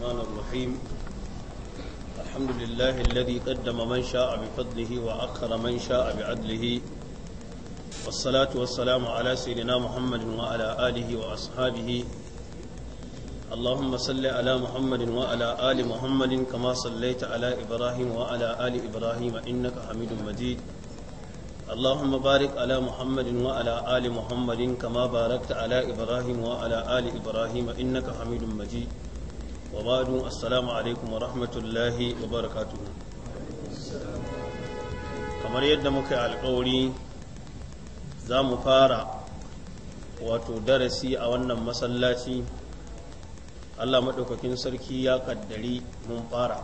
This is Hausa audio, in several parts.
الرحمن الرحيم الحمد لله الذي قدم من شاء بفضله وأخر من شاء بعدله والصلاة والسلام على سيدنا محمد وعلى آله وأصحابه اللهم صل على محمد وعلى آل محمد كما صليت على إبراهيم وعلى آل إبراهيم إنك حميد مجيد اللهم بارك على محمد وعلى آل محمد كما باركت على إبراهيم وعلى آل إبراهيم إنك حميد مجيد wa ba'du assalamu alaikum wa rahmatullahi wa barakatuhu kamar yadda muka yi alkawari za mu fara wato darasi a wannan masallaci Allah maɗaukakin sarki ya kaddari mun fara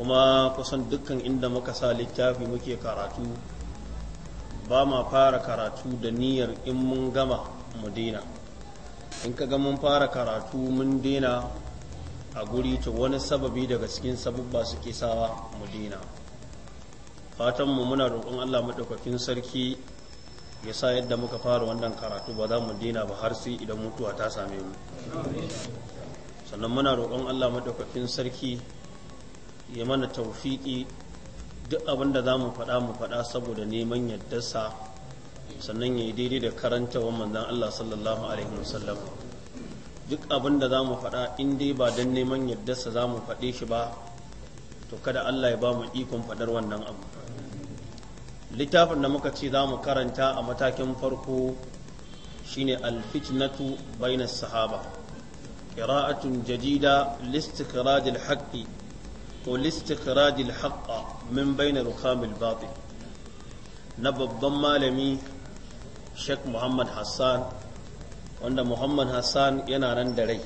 kuma kusan dukkan inda muka sa littafi muke karatu ba ma fara karatu da niyyar in mun gama mu daina in ka ga mun fara karatu mun daina a guri to wani sababi daga cikin sababba suke sawa mu dina fatan mu muna roƙon Allah madaukakin sarki ya sa yadda muka fara wannan karatu ba za mu dina ba har sai idan mutuwa ta same mu sannan muna roƙon Allah madaukakin sarki ya mana taufiƙi duk abin da za mu faɗa mu faɗa saboda neman yaddarsa sannan ya yi daidai da karanta wa manzan Allah sallallahu alaihi wasallam duk abin da za mu faɗa in dai ba don neman yardarsa za mu faɗe shi ba to kada Allah ya ba mu ikon faɗar wannan abu littafin da muka ce za mu karanta a matakin farko shine alfitnatu bainas sahaba qira'atun jadida listikraj alhaqi ko listikraj alhaqqa min bain rukham albatil na babban malami Sheikh Muhammad Hassan wanda muhammad hassan yana nan da rai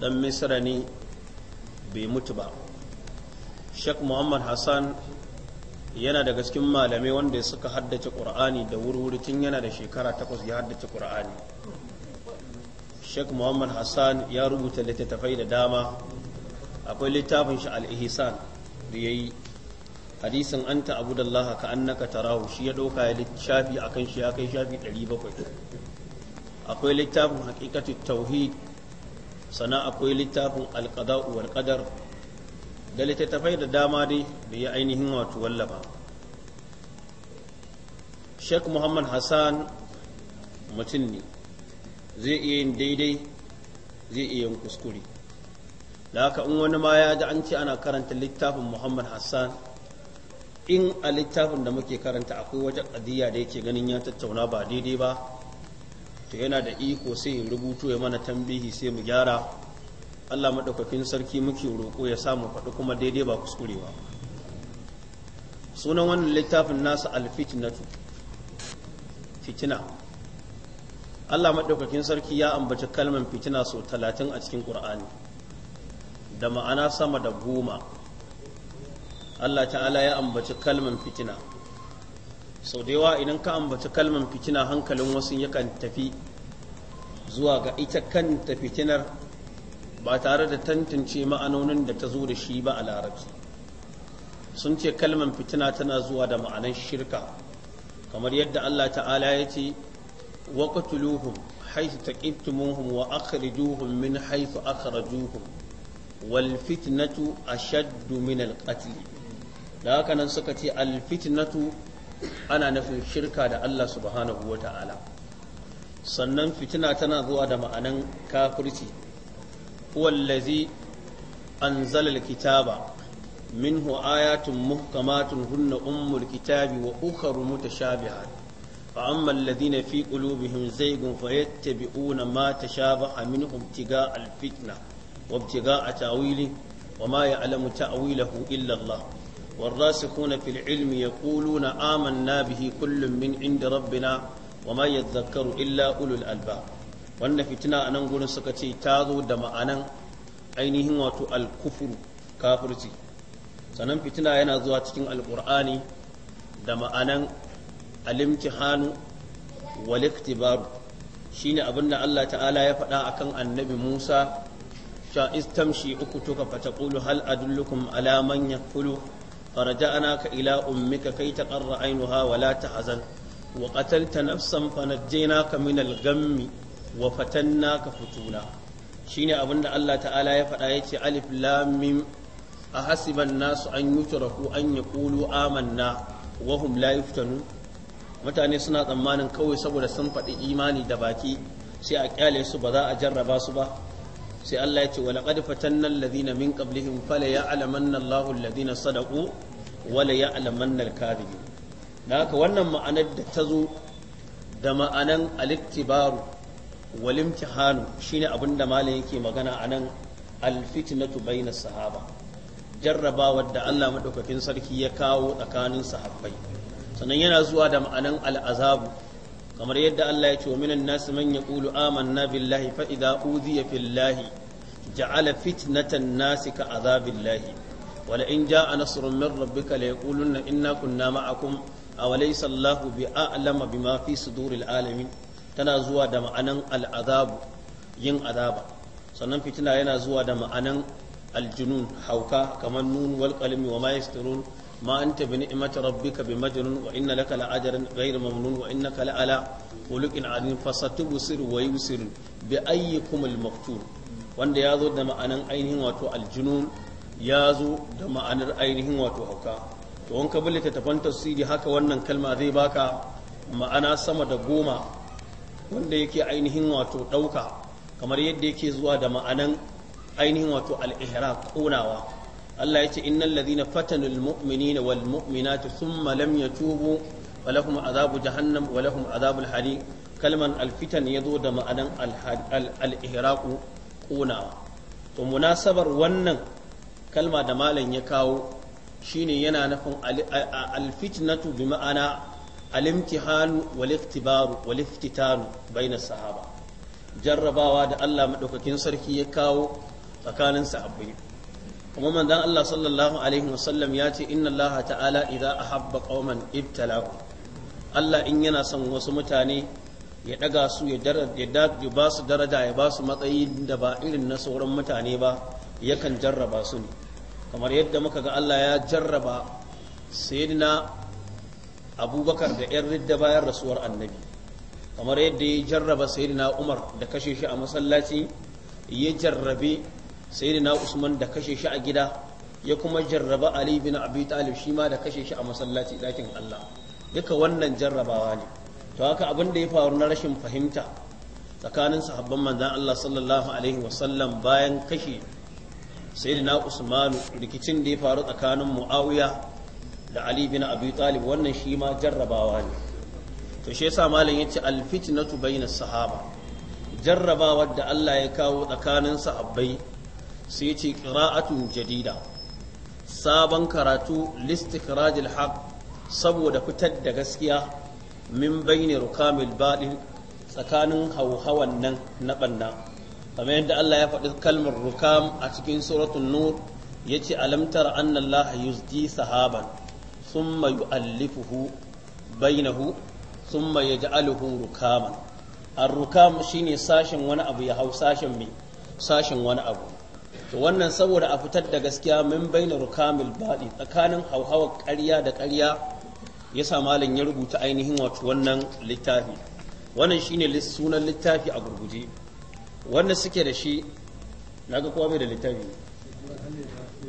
dan misra ne bai mutu ba sheikh muhammad hassan yana daga cikin malamai wanda suka haddace ƙur'ani da wurwuri tun yana da shekara takwas ya haddace ƙur'ani sheikh muhammad hassan ya rubuta littattafai da dama akwai littafin shi al-ihsan da yayi hadisin anta abudallaha ka annaka tarahu shi ya ɗauka ya shafi akan shi ya kai shafi 700 akwai littafin hakikati tauhid sannan akwai littafin alqada'u wal qadar da littattafai da dama dai da ya ainihin wato wallafa Sheikh Muhammad Hassan mutum ne zai iya yin daidai zai iya yin kuskure da haka in wani ma ya ji an ce ana karanta littafin muhammad hassan in a littafin da muke karanta akwai wata ƙadiyya da yake ganin ya tattauna ba daidai ba to yana da iko sai ya rubuto ya mana tambihi sai mu gyara Allah madaukakin sarki muke roƙo ya sa mu faɗi kuma daidai ba kuskurewa sunan wannan littafin nasa alfitnatu fitina Allah madaukakin sarki ya ambaci kalmar fitina sau talatin a cikin Qur'ani da ma'ana sama da goma Allah ta'ala ya ambaci kalmar fitina sau da yawa idan ka ambaci kalman fitina hankalin wasu yakan tafi zuwa ga ita kanta fitinar ba tare da tantance ma'anonin da ta zo da shi ba a larabci sun ce kalman fitina tana zuwa da ma'anan shirka kamar yadda Allah ta'ala ya ce waqtuluhum haythu taqibtumuhum wa akhrijuhum min haythu akhrajuhum wal fitnatu ashaddu min al qatl da haka nan suka ce al fitnatu ana nufin shirka da Allah subhanahu wa ta'ala sannan fitina tana zuwa da ma'anan kafirci wallazi anzala kitaba minhu ayatun muhkamatun hunna ummul kitabi wa ukharu mutashabihat fa amma alladhina fi qulubihim zaygun fayattabi'una ma tashabaha minhu ibtiga'a alfitna wa ibtiga'a ta'wili wa ma ya'lamu ta'wilahu illa Allah والراسخون في العلم يقولون آمنا به كل من عند ربنا وما يذكر إلا أولو الألباب nan فتنة suka ce ta zo da أنا ainihin wato alkufuru kafirci sannan fitina yana zuwa cikin alkur'ani da ma'anan alimtihanu waliktibaru shine abin da Allah ta'ala ya faɗa akan annabi Musa sha istamshi uku tuka fata qulu hal adullukum ala man yakulu فرجعناك إلى أمك كي تقر عينها ولا تحزن وقتلت نفسا فنجيناك من الغم وفتناك فتونا شيني أبن الله تعالى يفعل ألف لام ميم أحسب الناس أن يتركوا أن يقولوا آمنا وهم لا يفتنون mutane suna tsammanin kawai saboda sun faɗi imani da baki sai a kyale su ba za a jarraba su ba sai Allah ya ce wa laqad fatanna alladhina min qablihim fala ya'lamanna Allahu alladhina sadaqu wala ya'lamanna al-kadhibin da haka wannan ma'anar da ta zo da ma'anan al-iktibaru wal imtihanu shine abin da malam yake magana anan al-fitnatu bayna sahaba jarrabawar da Allah madaukakin sarki ya kawo tsakanin sahabbai sannan yana zuwa da ma'anan al-azabu kamar yadda Allah ya ce wa minan nasu man yaqulu amanna billahi fa idza udhiya fillahi ja'ala fitnatan nasi ka azabillahi wala in ja'a nasrun min rabbika la yaqulunna inna kunna ma'akum aw laysa Allahu alama bima fi suduril alamin tana zuwa da ma'anan al'azabu yin azaba sannan fitina yana zuwa da ma'anan aljunun hauka kamar nun wal qalmi wa ma ما أنت بنعمة ربك بمجنون وإن لك لأجرا غير ممنون وإنك لألا خلق عظيم فستبصر ويبصر بأيكم المقتول wanda ya zo da ma'anan ainihin wato aljunun ya zo da ma'anar ainihin wato hauka to in ka bulle tafan tafsiri haka wannan kalma zai baka ma'ana sama da goma wanda yake ainihin wato ɗauka kamar yadda yake zuwa da ma'anan ainihin wato al-ihraq ƙonawa Allah ya ce innal ladhina fatanul mu'minina wal mu'minati thumma lam yatubu wa lahum adhabu jahannam wa lahum adhabul hariq kalman alfitan yazo da ma'anan al-ihraqu kunawa to munasabar wannan kalma da malam ya kawo shine yana nufin alfitnatu bi ma'ana al-imtihanu wal ikhtibaru wal iftitanu bainas sahaba jarrabawa da Allah madaukakin sarki ya kawo tsakanin sahabbai kuma manzon Allah sallallahu alaihi wasallam ya ce inna Allah ta'ala idza ahabba qauman ibtalahu Allah in yana son wasu mutane ya daga su ya ba su daraja ya ba su matsayi da ba irin na sauran mutane ba yakan jarraba su ne kamar yadda muka ga Allah ya jarraba sayyidina abubakar da yan ridda bayan rasuwar annabi kamar yadda ya jarraba sayyidina umar da kashe shi a masallaci ya jarrabe sayyidina usman da kashe shi a gida ya kuma jarraba ali bin abi talib shi ma da kashe shi a masallaci dakin Allah duka wannan jarrabawa ne to haka abin da ya faru na rashin fahimta tsakanin sahabban manzan Allah sallallahu alaihi wasallam bayan kashe sayyidina usman rikicin da ya faru tsakanin muawiya da ali bin abi talib wannan shi ma jarrabawa ne to shi yasa malam yace al fitnatu bainas sahaba jarrabawar da Allah ya kawo tsakanin sahabbai sai ce qira'atun jadida sabon karatu listikhrajil haq saboda fitar da gaskiya min bayni rukamil baɗin tsakanin hauhawan nan na ɓanna kamar yadda Allah ya faɗi kalmar rukam a cikin suratun nur yace alam tara anna Allah yuzdi sahaban thumma yu'allifuhu bainahu thumma yaj'aluhu rukaman a rukam shine sashen wani abu ya hau sashen mai wani abu to wannan saboda a fitar da gaskiya min bainar rukamil baɗi tsakanin hauhawar ƙarya da ƙarya ya sa malam ya rubuta ainihin wato wannan littafi wannan shine sunan littafi a gurguje wanda suke da shi na ga kowa bai da littafi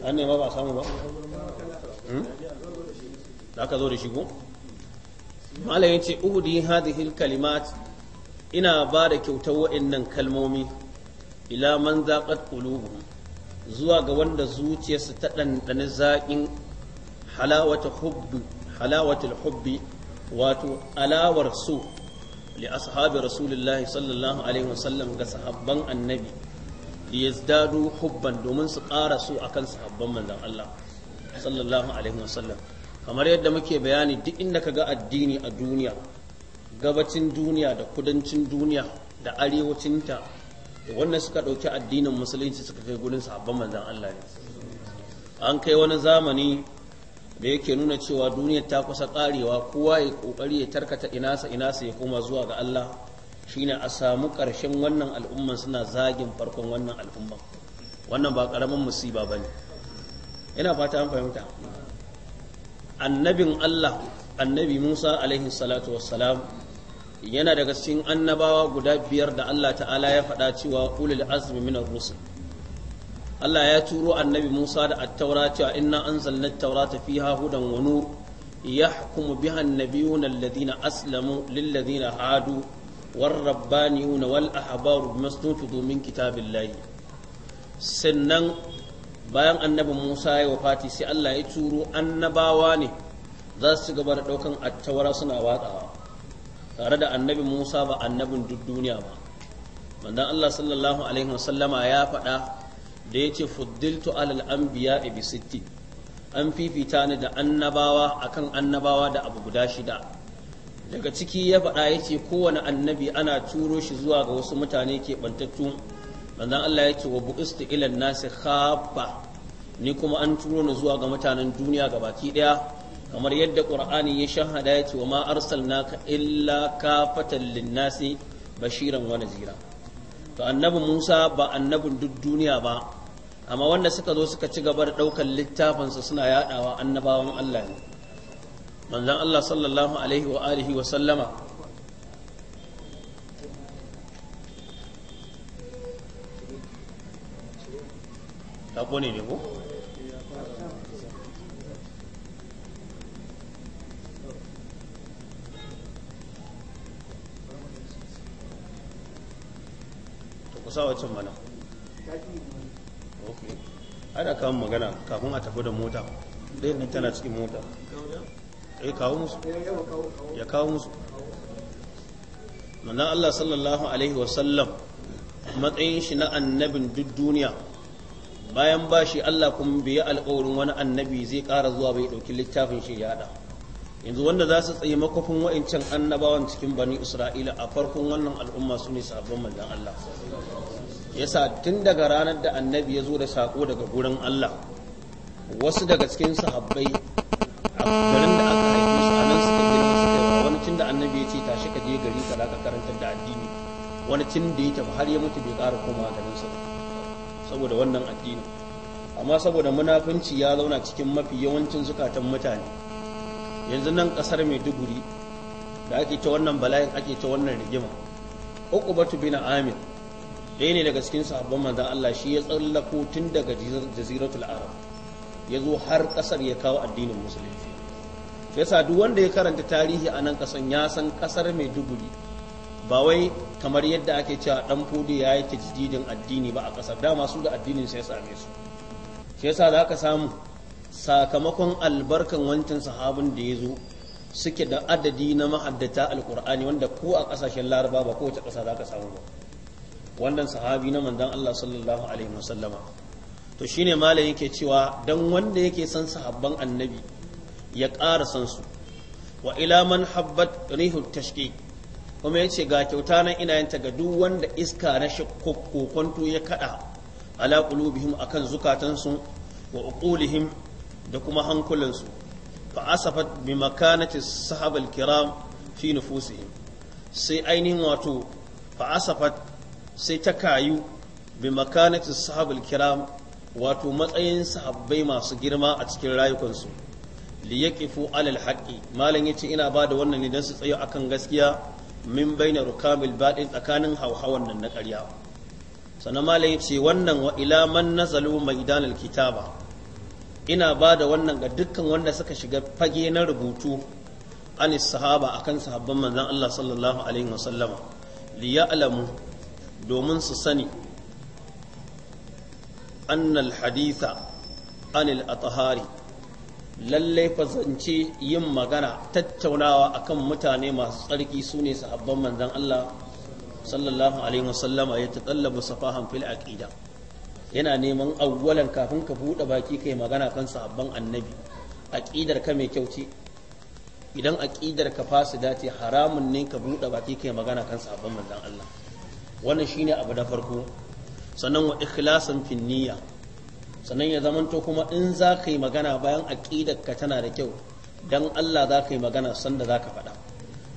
an nema ba samu ba da hmm? ka zo da shi ko malam ya ce uhudi hadhihi kalimat ina ba da kyautar wa'annan kalmomi ila man zaqat qulubuhum zuwa ga wanda zuciyarsa ta ɗanɗani zaƙin halawata hubbi halawatul hubbi wato alawar so li ashabi rasulullahi sallallahu alaihi wasallam ga sahabban annabi li yazdadu hubban domin su ƙara so akan sahabban manzon Allah sallallahu alaihi wasallam kamar yadda muke bayani duk inda kaga addini a duniya gabacin duniya da kudancin duniya da arewacinta wannan suka ɗauki addinin musulunci suka kai gurin sahabban manzan Allah ne an kai wani zamani da yake nuna cewa duniyar ta kusa ƙarewa kowa ya ƙoƙari ya tarkata inasa inasa ya koma zuwa ga Allah shine a samu ƙarshen wannan al'umman suna zagin farkon wannan al'umman wannan ba ƙaramin musiba ba ne ina fata an fahimta annabin Allah annabi Musa alaihi salatu wassalam yana daga cikin annabawa guda biyar da Allah ta'ala ya faɗa cewa ulul azmi min rusul Allah ya turo annabi Musa da attaura cewa inna anzalna at-taurata fiha hudan wa nur yahkumu biha an-nabiyuna alladhina aslamu lil ladina hadu war rabbaniyuna wal ahbaru bima stunfidu min kitabillahi sannan bayan annabi Musa ya wafati sai Allah ya turo annabawa ne za su gaba da daukan attaura suna watsawa tare da annabi Musa ba annabin duk duniya ba manzon Allah sallallahu alaihi wasallama ya faɗa da yace fuddiltu alal anbiya bi sitti an fifita ni da annabawa akan annabawa da abu guda shida daga ciki ya faɗa yace kowane annabi ana turo shi zuwa ga wasu mutane ke bantattu manzon Allah yace wa bu'istu ilan nasi khaffa ni kuma an turo ni zuwa ga mutanen duniya ga baki daya kamar yadda qur'ani ya shahada ya ce wa ma ka illa kafatan linnasi bashiran wa nazira to annabi Musa ba annabin duk duniya ba amma wanda suka zo suka ci gaba da daukar littafinsa suna yadawa annabawan Allah ne manzon Allah sallallahu alaihi wa alihi wa sallama ne ko ku sa wacin mana ok ana kawo magana kafin a tafi da mota ɗayan nan tana cikin mota ya eh, kawo musu ya kawo musu manzon Allah sallallahu alaihi wasallam matsayin shi na annabin duk duniya bayan ba shi Allah kuma biya alƙawarin wani annabi zai kara zuwa bai ɗauki littafin shi ya haɗa yanzu wanda za su tsaye makwafin wa'ancan annabawan cikin bani isra'ila a farkon wannan al'umma su ne sabon manzan allah yasa tun daga ranar da annabi ya zo da sako daga gurin allah wasu daga cikin sahabbai a garin da aka haife su a nan suka girma suka yi wani cin da annabi ya ce tashi ka je gari ka ka karanta da addini wani cin da ya tafi har ya mutu bai ƙara koma sa saboda wannan addini amma saboda munafunci ya zauna cikin mafi yawancin zukatan mutane yanzu nan kasar mai maiduguri da ake ta wannan bala'in ake ta wannan rigima batu bin amir ɗaya ne daga cikin sahabban manzon Allah shi ya tsallako tun daga jaziratul arab ya zo har kasar ya kawo addinin musulunci ya yasa duk wanda ya karanta tarihi a nan kasan ya san kasar mai duburi ba wai kamar yadda ake cewa dan fudu ya yi tajdidin addini ba a kasar dama su da addinin sai ya same su shi yasa za ka samu sakamakon albarkan wancan sahabin da ya zo suke da adadi na ma'addata alkur'ani wanda ko a kasashen laraba ba kowace ƙasa za ka samu ba wannan sahabi na manzon Allah sallallahu alaihi wasallama to shine malam yake cewa dan wanda yake son sahabban annabi ya ƙara san su wa ila man habbat rihu Tashki kuma yace ga kyauta nan ina yin ta ga duk wanda iska na kokonto ya kada ala qulubihim akan zukatansu wa uqulihim da kuma hankulansu fa asafat bi makanati sahabal kiram fi nufusihim sai ainihin wato fa asafat sai ta kayu bi makanati sahabal kiram wato matsayin sahabbai masu girma a cikin rayukansu liyaqifu alal haqqi malam yace ina bada wannan ne dan su tsayo akan gaskiya min baina rukamil baɗin tsakanin hauhawan nan na ƙarya sannan malam yace wannan wa ila man nazalu maidanal kitaba ina ba da wannan ga dukkan wanda suka shiga fage na rubutu anis sahaba akan sahabban manzon Allah sallallahu alaihi wasallama li ya'lamu domin su sani annal haditha anil atahari lallai fazance yin magana tattaunawa akan mutane masu tsarki sune ne sahabban manzan Allah sallallahu alaihi wasallama ya taɗallaba safahan fil aqida yana neman awwalan kafin ka buɗe baki kai magana kan sabban annabi aqidar ka mai kyau ce idan aqidar ka fasu ce haramun ne ka buɗe baki kai magana kan sabban manzon Allah wannan shine abu da farko sannan wa ikhlasan fin niyya sannan ya zamanto kuma in za ka yi magana bayan aqidar ka tana da kyau dan Allah za ka yi magana sanda za ka faɗa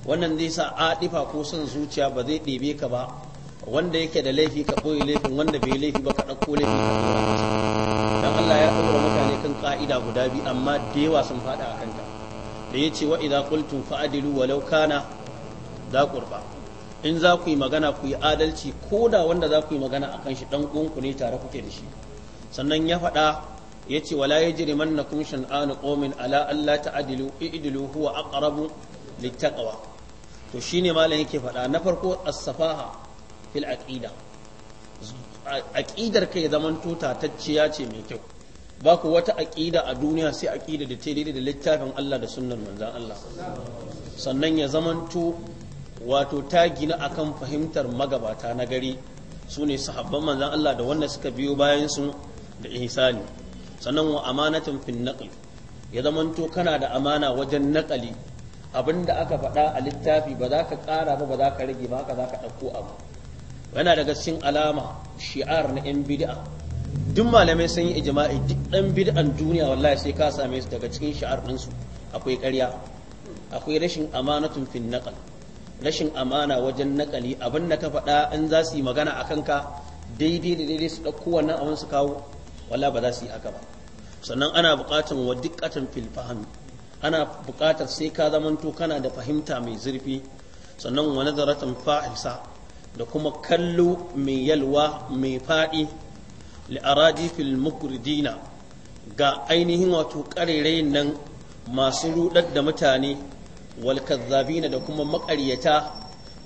wannan zai sa adifa ko son zuciya ba zai ɗebe ka ba wanda yake da laifi ka ɓoye laifin wanda bai laifi ba ka ɗauko laifi ka ɗora masa dan Allah ya ɗora mutane kan ƙa'ida guda biyu amma da yawa sun faɗa a kanta da ya ce wa idza qultum fa'dilu walau kana da qurba in za ku yi magana ku yi adalci ko da wanda za ku yi magana a kan shi dan uwanku ne tare kuke da shi sannan ya faɗa ya ce wala yajrimannakum shan'anu qawmin ala alla ta'dilu i'dilu huwa aqrabu littaqwa to shine malam yake faɗa na farko as-safaha fil aqida aqidar kai zaman to tatacciya ce mai kyau ba ku wata aqida a duniya sai aqida da ta da littafin Allah da sunnar manzon Allah sannan ya zaman to wato ta gina akan fahimtar magabata na gari su ne sahabban manzan Allah da wanda suka biyo bayan su da ihsani sannan wa amanatin fin naqli ya zamanto kana da amana wajen naƙali abinda aka faɗa a littafi ba za ka ƙara ba ba za ka rage ba haka za ka ɗauko abu yana daga cikin alama shi'ar na yan bid'a duk malamai sun yi ijma'i duk dan bid'an duniya wallahi sai ka same su daga cikin shi'ar ɗinsu akwai ƙarya akwai rashin amanatun fin naqal rashin amana wajen nakali abin da ka faɗa in za su yi magana a kanka daidai da daidai su ɗauko wannan abin su kawo wala ba za su yi haka ba sannan ana buƙatar wa dikkatan fil fahmi ana buƙatar sai ka zamanto kana da fahimta mai zurfi sannan wa nazaratan fa'isa da kuma kallo mai yalwa mai faɗi li'aradi fil mukridina ga ainihin wato ƙarerayin nan masu rudar da mutane wal kazzabina da kuma maƙaryata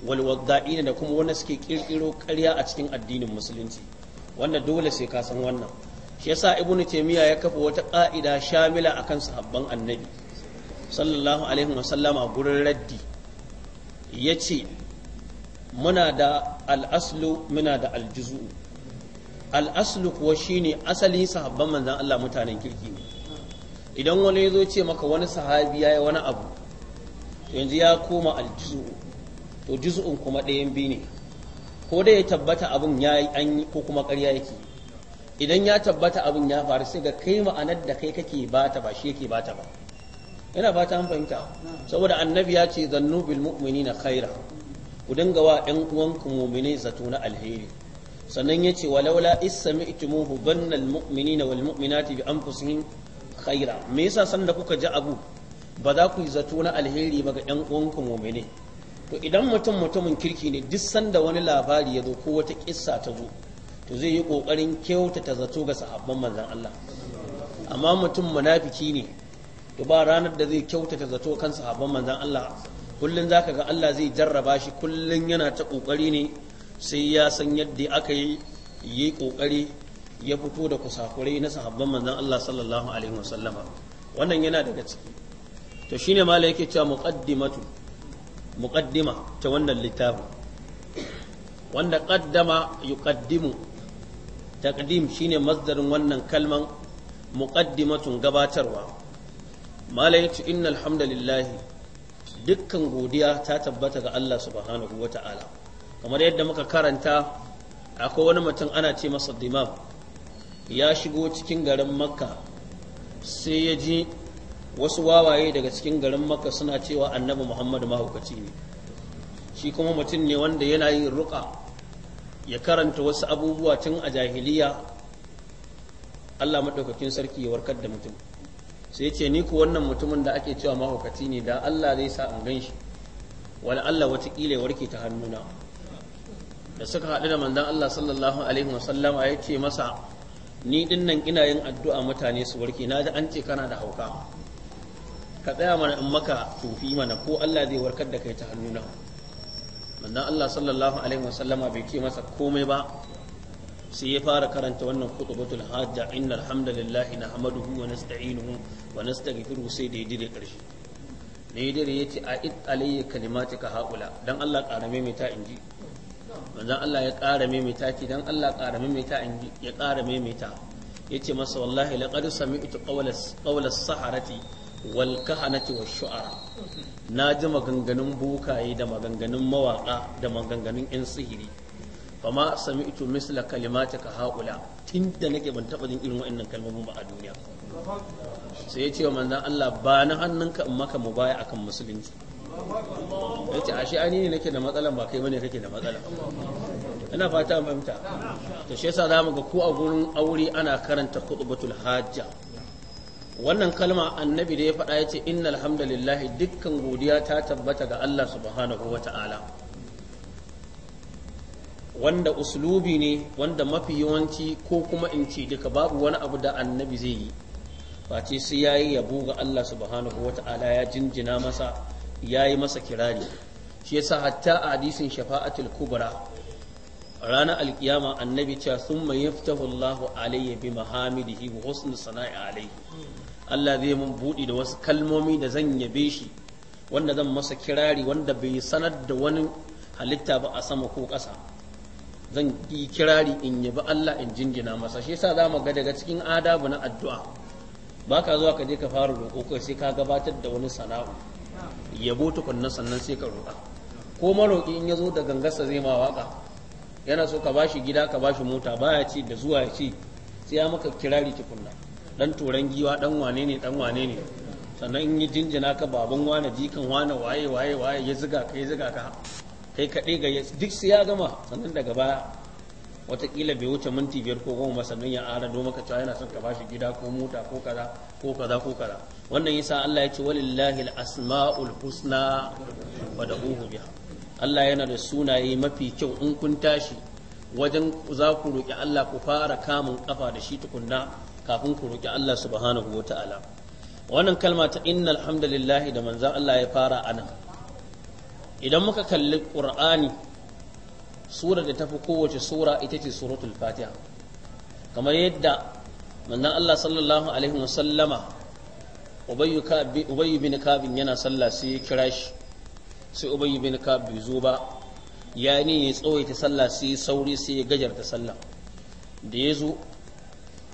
wal wadda'ina da kuma wanda suke ƙirƙiro ƙarya a cikin addinin musulunci wanda dole sai ka san wannan shi yasa ibnu taymiya ya kafa wata ƙa'ida shamila akan sahabban annabi sallallahu alaihi wasallama gurin raddi ya ce muna da al'aslu muna da aljuzu al'aslu kuwa shine asali sahabban manzan Allah mutanen kirki ne idan wani ya zo ce maka wani sahabi ya yi wani abu to yanzu ya koma aljuzu to juzu'un kuma ɗayan biyu ne ko dai ya tabbata abin ya yi an yi ko kuma ƙarya yake idan ya tabbata abin ya faru sai ga kai ma'anar da kai kake bata ba shi yake bata ba ina ba ta fahimta saboda annabi ya ce zannu bil na khaira ku dinga wa ɗan uwanku mu'mini zato na alheri sannan ya ce walaula isami'tumuhu bannal na wal mu'minati bi anfusihim khaira me yasa sanda kuka ji abu ba za ku yi zato na alheri ba ga ɗan uwanku mu'mini to idan mutum mutumin kirki ne duk sanda wani labari ya zo ko wata kissa ta zo to zai yi kokarin kyautata zato ga sahabban manzon Allah amma mutum munafiki ne to ba ranar da zai kyautata zato kan sahabban manzon Allah kullun zaka ga Allah zai jarraba shi kullum yana ta ƙoƙari ne sai ya san yadda aka yi yi ya fito da kusakurai na sahabban manzon Allah sallallahu alaihi wasallama wannan yana daga ciki to shine mala yake cewa muqaddimatu muqaddima ta wannan littafin wanda qaddama yuqaddimu taqdim shine masdarin wannan kalman muqaddimatun gabatarwa mala yace innal hamdalillahi dukkan godiya ta tabbata ga Allah subhanahu wa ta'ala kamar yadda muka karanta akwai wani mutum ana ce masa dimam ya shigo cikin garin makka sai ya ji wasu wawaye daga cikin garin makka suna cewa annabi muhammadu mahaukaci ne shi kuma mutum ne wanda yana yin ruka ya karanta wasu abubuwa tun a jahiliya allah maɗaukakin sarki ya warkar da mutum sai ce ni ku wannan mutumin da ake cewa mahaukaci ne da Allah zai sa in gan shi wani Allah watakila ya warke ta hannuna da suka haɗu da manzan Allah sallallahu alaihi wasallama ya ce masa ni dinnan ina yin addu'a mutane su warke na ji an ce kana da hauka ka tsaya mana in maka tufi mana ko Allah zai warkar da kai ta hannuna manzan Allah sallallahu alaihi wasallama bai ce masa komai ba sai ya fara karanta wannan khutbatul hajja innal hamdalillahi nahmaduhu wa nasta'inuhu wa nastaghfiruhu sai da yidire karshe da ya ce a it alayya kalimatika haula dan Allah ƙara maimaita inji manzon Allah ya ƙara maimaita ki dan Allah ƙara maimaita inji ya ƙara maimaita yace masa wallahi laqad sami'tu qawlas qawlas saharati wal kahanati wash shu'ara na ji maganganun bukaye da maganganun mawaka da maganganun yan sihiri ba ma ito misla haƙula haula da nake ban taɓa jin irin wa'annan kalmomin ba a duniya sai ya ce wa manzan Allah ba na hannunka in maka mu baya akan musulunci ya ce ashe ani ne nake da matsalan ba kai bane kake da matsala ina fata fahimta to shi yasa zamu ga ko a gurin aure ana karanta kutubatul hajja wannan kalma annabi da ya faɗa ya ce innal alhamdulillahi dukkan godiya ta tabbata ga Allah subhanahu wa ta'ala wanda uslubi ne wanda mafi yawanci ko kuma in ce duka babu wani abu da annabi zai yi face sai ya yi yabo ga Allah subhanahu wa ta'ala ya jinjina masa ya yi masa kirari shi yasa hatta a hadisin shafa'atul kubra ranar alkiyama annabi cewa sun mai yaftahu Allahu alayya bi mahamidihi wa husn sana'i alayhi Allah zai mun buɗi da wasu kalmomi da zan yabe shi wanda zan masa kirari wanda bai sanar da wani halitta ba a sama ko ƙasa zan yi kirari in yabi Allah in jingina masa shi yasa zamu ga daga cikin adabu na addu'a baka ka zuwa ka je ka fara roƙo kai sai ka gabatar da wani sana'u yabo tukunna sannan sai ka roƙa ko maroƙi in ya zo da gangarsa zai ma waka yana so ka bashi gida ka bashi mota baya ci da zuwa ya ci sai ya maka kirari tukunna dan turan giwa dan wane ne dan wane ne sannan in yi jinjina ka baban wane jikan wane waye waye waye ya ziga ka ya ziga ka kai kaɗai ga duk sai ya gama sannan daga baya watakila bai wuce minti biyar ko goma sannan ya ara do ka cewa yana son ka bashi gida ko mota ko kaza ko kaza ko kaza wannan yasa Allah ya ce walillahi al-asmaul husna wa da'uhu biha Allah yana da sunaye mafi kyau in kun tashi wajen za ku roki Allah ku fara kamun kafa da shi tukunna kafin ku roki Allah subhanahu wa ta'ala wannan kalma ta innal hamdalillahi da manzon Allah ya fara anan idan muka kalli ƙur'ani sura da tafi kowace sura ita ce suratul fatiha kamar yadda manzon Allah sallallahu alaihi sallama, ubayyu bin kabin yana sallah sai ya kira shi sai ubayyu bin kab bai zo ba ya ne ya tsawaita sallah sai sauri sai ya gajarta sallah da ya zo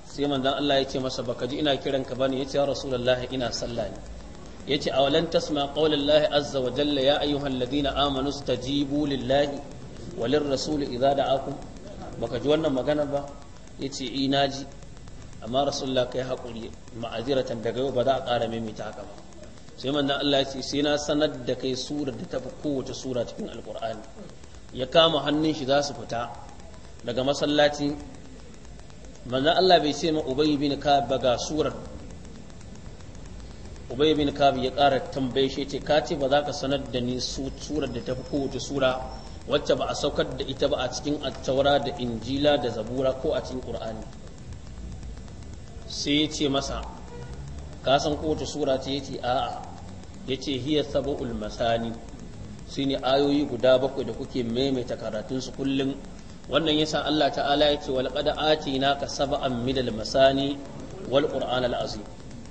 sai manzon Allah ya ce masa baka ji ina kiranka bane ya ce ya rasulullahi ina sallah ne yace awalan tasma qaulallahi azza wa jalla ya ayyuhal ladina amanu stajibu lillahi walir rasul idza da'akum baka ji wannan magana ba yace ina eh ji amma rasulullah kai hakuri ma'aziratan daga yau ba za a ƙara maimaita haka ba sai manzon Allah ya ce sai na sanar da kai surar da tafi kowace sura cikin alqur'ani ya kama hannun shi za su fita daga masallaci manzon Allah bai ce ma ubayy bin ka ba ga surar ubay bin kab ya ƙara tambaye shi ce ka ce ba za ka sanar da ni surar da ta fi kowace sura wacce ba a saukar da ita ba a cikin attaura da injila da zabura ko a cikin qur'ani sai ya ce masa ka san kowace sura ce yace a'a yace hiya sab'ul masani shine ayoyi guda bakwai da kuke maimaita karatun su kullum wannan yasa Allah ta'ala yace walqad atina ka sab'an midal masani wal qur'an al azim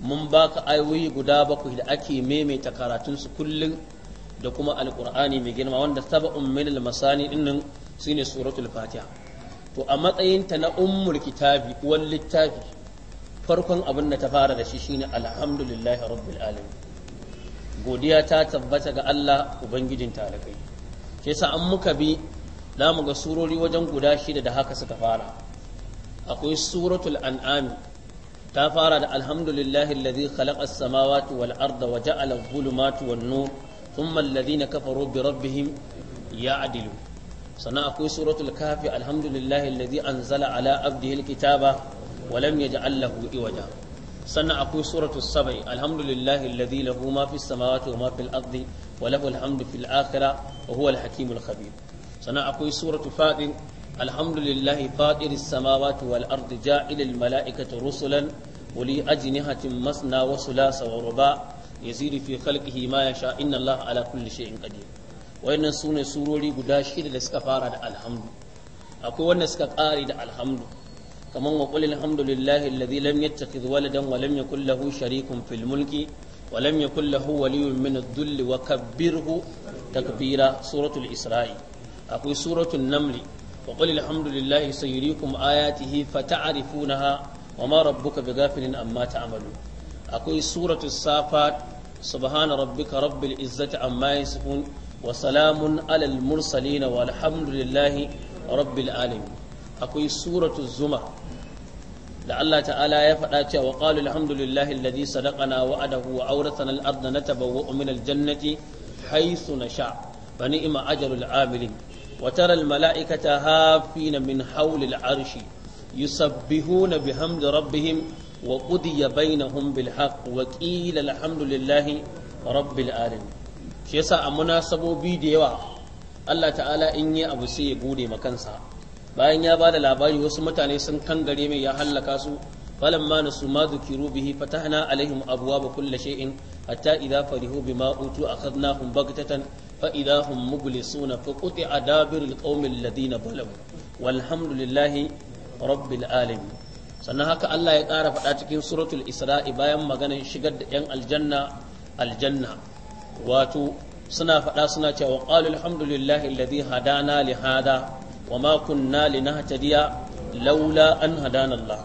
mun baka ayoyi guda bakwai da ake maimaita karatunsu kullum da kuma alkur'ani mai girma wanda saba'un min masani dinnan shine suratul fatiha to a matsayinta na ummul kitabi wal littafi farkon abin da ta fara da shi shine alhamdulillahi rabbil alamin godiya ta tabbata ga Allah ubangijin talakai shi yasa an muka bi zamu ga surori wajen guda shida da haka suka fara akwai suratul an'ami ta fara da alhamdulillahi alladhi khalaqa as-samawati wal arda wa ja'ala adh-dhulumati wan nur thumma alladhina kafaru bi rabbihim ya'dilu sannan akwai suratul kafi alhamdulillahi alladhi anzala ala abdihi al-kitaba wa lam yaj'al lahu iwaja sannan akwai suratul sabai alhamdulillahi alladhi lahu ma fis samawati wa ma fil ardi wa lahu alhamdu fil akhirah wa huwa al-hakimul khabir sannan akwai suratul fadin alhamdulillahi fatir samawati wal ardi ja'ilil mala'ikati rusulan wali ajnihatin masna wa sulasa wa ruba yazidu fi khalqihi himaya sha inna Allah ala kulli shay'in qadir wayannan sune surori guda shida da suka fara da alhamdu akwai wanda suka kare da alhamdu kaman wa qul alhamdulillahi alladhi lam yattakhidh waladan walam lam yakul lahu sharikun fil mulki wa lam yakul lahu waliyyun min ad wa kabbirhu takbira suratul isra'i akwai suratun namli وقل الحمد لله سيريكم آياته فتعرفونها وما ربك بغافل أما تعملون أكوي سورة الصافات سبحان ربك رب العزة عما يصفون وسلام على المرسلين والحمد لله رب العالمين أكوي سورة الزمر لعل تعالى يفعل وقال الحمد لله الذي صدقنا وعده وأورثنا الأرض نتبوأ من الجنة حيث نشاء فنئم أجل العاملين وترى الملائكة هافين من حول العرش يسبحون بحمد ربهم وقضي بينهم بالحق وقيل الحمد لله رب العالمين shi yasa a munasabobi da yawa Allah ta'ala in yi abu sai ya gode makansa bayan ya bada labari wasu mutane sun gare mai ya hallaka su falamma nasu ma dhukiru bihi fatahna alaihim ba kulli shay'in hatta idza farihu bima utu akhadnahum bagtatan فإذا هم مجلسون فقطع دابر القوم الذين ظلموا والحمد لله رب العالمين sannan haka Allah ya ƙara faɗa cikin suratul isra'i bayan maganin shigar da 'yan aljanna aljanna wato suna faɗa suna cewa qalu alhamdulillahi alladhi hadana li hada wa ma kunna linahtadiya laula an hadana Allah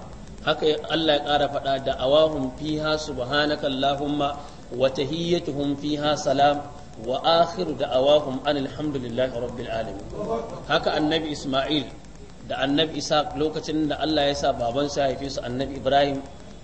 haka Allah ya ƙara faɗa da awahum fiha subhanaka allahumma wa tahiyyatuhum fiha salam wa akhiru da'awahum an alhamdulillahi rabbil alamin haka annabi isma'il da annabi isa lokacin da Allah ya sa babansa ya haife su annabi ibrahim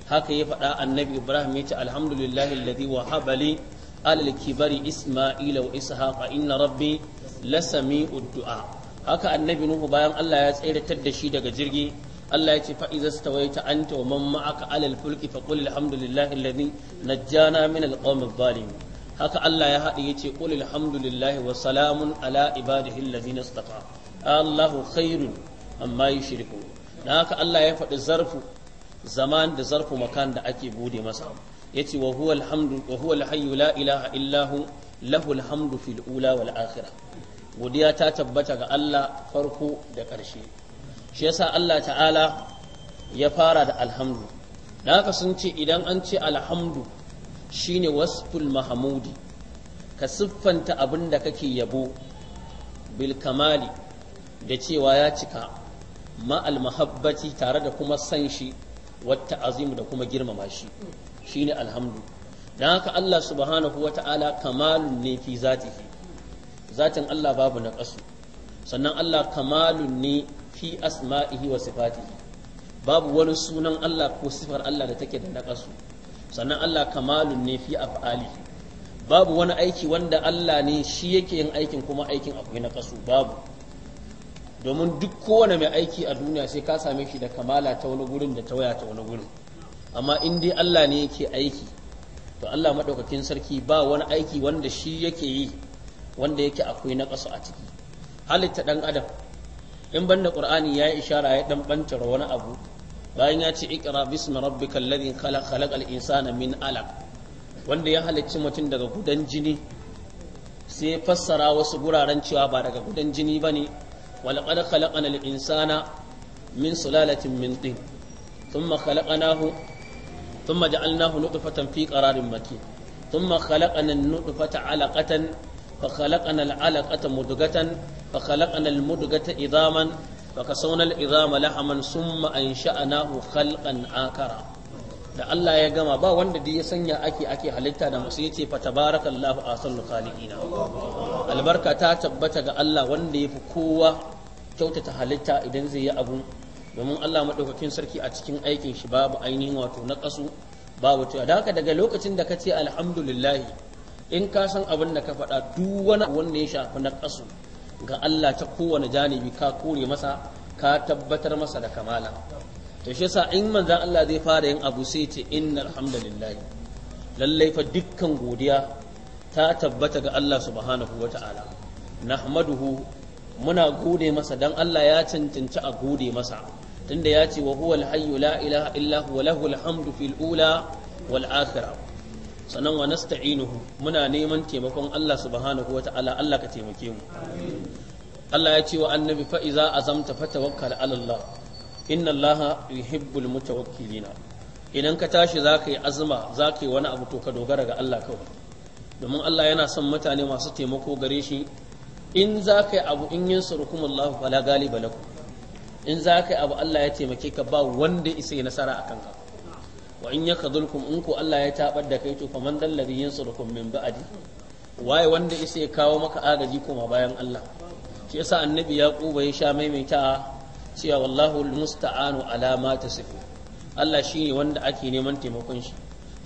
haka ya faɗa annabi ibrahim ya ce alhamdulillahi alladhi wahaba li alal kibari isma'ila wa ishaqa inna rabbi lasami'ud du'a haka annabi nuhu bayan Allah ya tseratar da shi daga jirgi Allah ya ce fa idza stawaita anta wa man ma'aka alal fulki fa qul alhamdulillahi alladhi najjana min alqawmi adh-dhalimin haka Allah ya haɗe yace qul alhamdulillahi wa salamun ala ibadihi alladhina istafa Allahu khairun amma yushriku dan haka Allah ya faɗi zarfu zaman da zarfu makan da ake bude masa yace wa huwa alhamdu wa huwa alhayyu la ilaha illa hu lahu alhamdu fil ula wal akhirah godiya ta tabbata ga Allah farko da ƙarshe shi yasa Allah ta'ala ya fara da alhamdu da haka sun ce idan an ce alhamdu shine wasful mahamudi ka siffanta abin da kake yabo bil kamali da cewa ya cika ma'al mahabbati tare da kuma san shi wata azimu da kuma girmama shi shine alhamdu don haka Allah subhanahu wa ta'ala kamalun ne fi zatihi zatin Allah babu na ƙasu sannan Allah kamalun ne fi asma'ihi wa sifatihi babu wani sunan Allah ko sifar Allah da take da na ƙasu sannan Allah kamalun ne fi af'ali babu wani aiki wanda Allah ne shi yake yin aikin kuma aikin akwai na kasu babu domin duk kowane mai aiki a duniya sai ka same shi da kamala ta wani gurin da ta waya ta wani gurin amma in dai Allah ne yake aiki to Allah maɗaukakin sarki ba wani aiki wanda shi yake yi wanda yake akwai na kasu a ciki halitta ɗan adam in banda ƙur'ani ya yi ishara ya dan wani abu bayan ya ce ikra bismi rabbikal ladhi khalaq khalaqal insana min alaq wanda ya halicci mutum daga gudan jini sai ya fassara wasu guraren cewa ba daga gudan jini bane walaqad khalaqana al insana min sulalatin min tin thumma khalaqnahu thumma ja'alnahu nutfatan fi qararin makin thumma khalaqana an-nutfata 'alaqatan فخلقنا العلقة مدغة فخلقنا المدغة idaman. فكسونا العظام لحما ثم أنشأناه خلقا آكرا da Allah ya gama ba wanda da ya sanya ake ake halitta da musu yace fa tabarakallahu ahsanul khaliqin albarka ta tabbata ga Allah wanda ya fi kowa kyautata halitta idan zai yi abu domin Allah madaukakin sarki a cikin aikin shi babu ainihin wato na kasu babu to da haka daga lokacin da kace alhamdulillah in ka san abin da ka faɗa duk wani wanda ya shafi na kasu ga Allah ta kowane janibi ka kore masa ka tabbatar masa da kamala to shi yasa in manzon Allah zai fara yin abu sai ce innal hamdalillah lallai fa dukkan godiya ta tabbata ga Allah subhanahu wata'ala nahmaduhu muna gode masa dan Allah ya cancanci a gode masa tunda ya ce wa huwal la ilaha illa huwa lahul fil ula wal akhirah sannan wa nasta'inuhu muna neman taimakon Allah subhanahu wata'ala Allah ka taimake mu Allah ya ce wa annabi fa iza azamta fatawakkal ala Allah inna Allah yuhibbul mutawakkilina idan ka tashi zaka yi azuma zaka yi wani abu to ka dogara ga Allah kawai domin Allah yana son mutane masu taimako gare shi in zaka yi abu in yansurukum Allah fala galiba lakum in zaka yi abu Allah ya taimake ka ba wanda isa nasara akan ka wa in yakadhulkum in ku Allah ya tabar da kai to faman dal ladhi yansurukum min ba'di waye wanda isa ya kawo maka agaji kuma bayan Allah shi yasa annabi yaquba ya sha maimaita cewa wallahu almusta'anu ala ma tasifu Allah shi ne wanda ake neman taimakon shi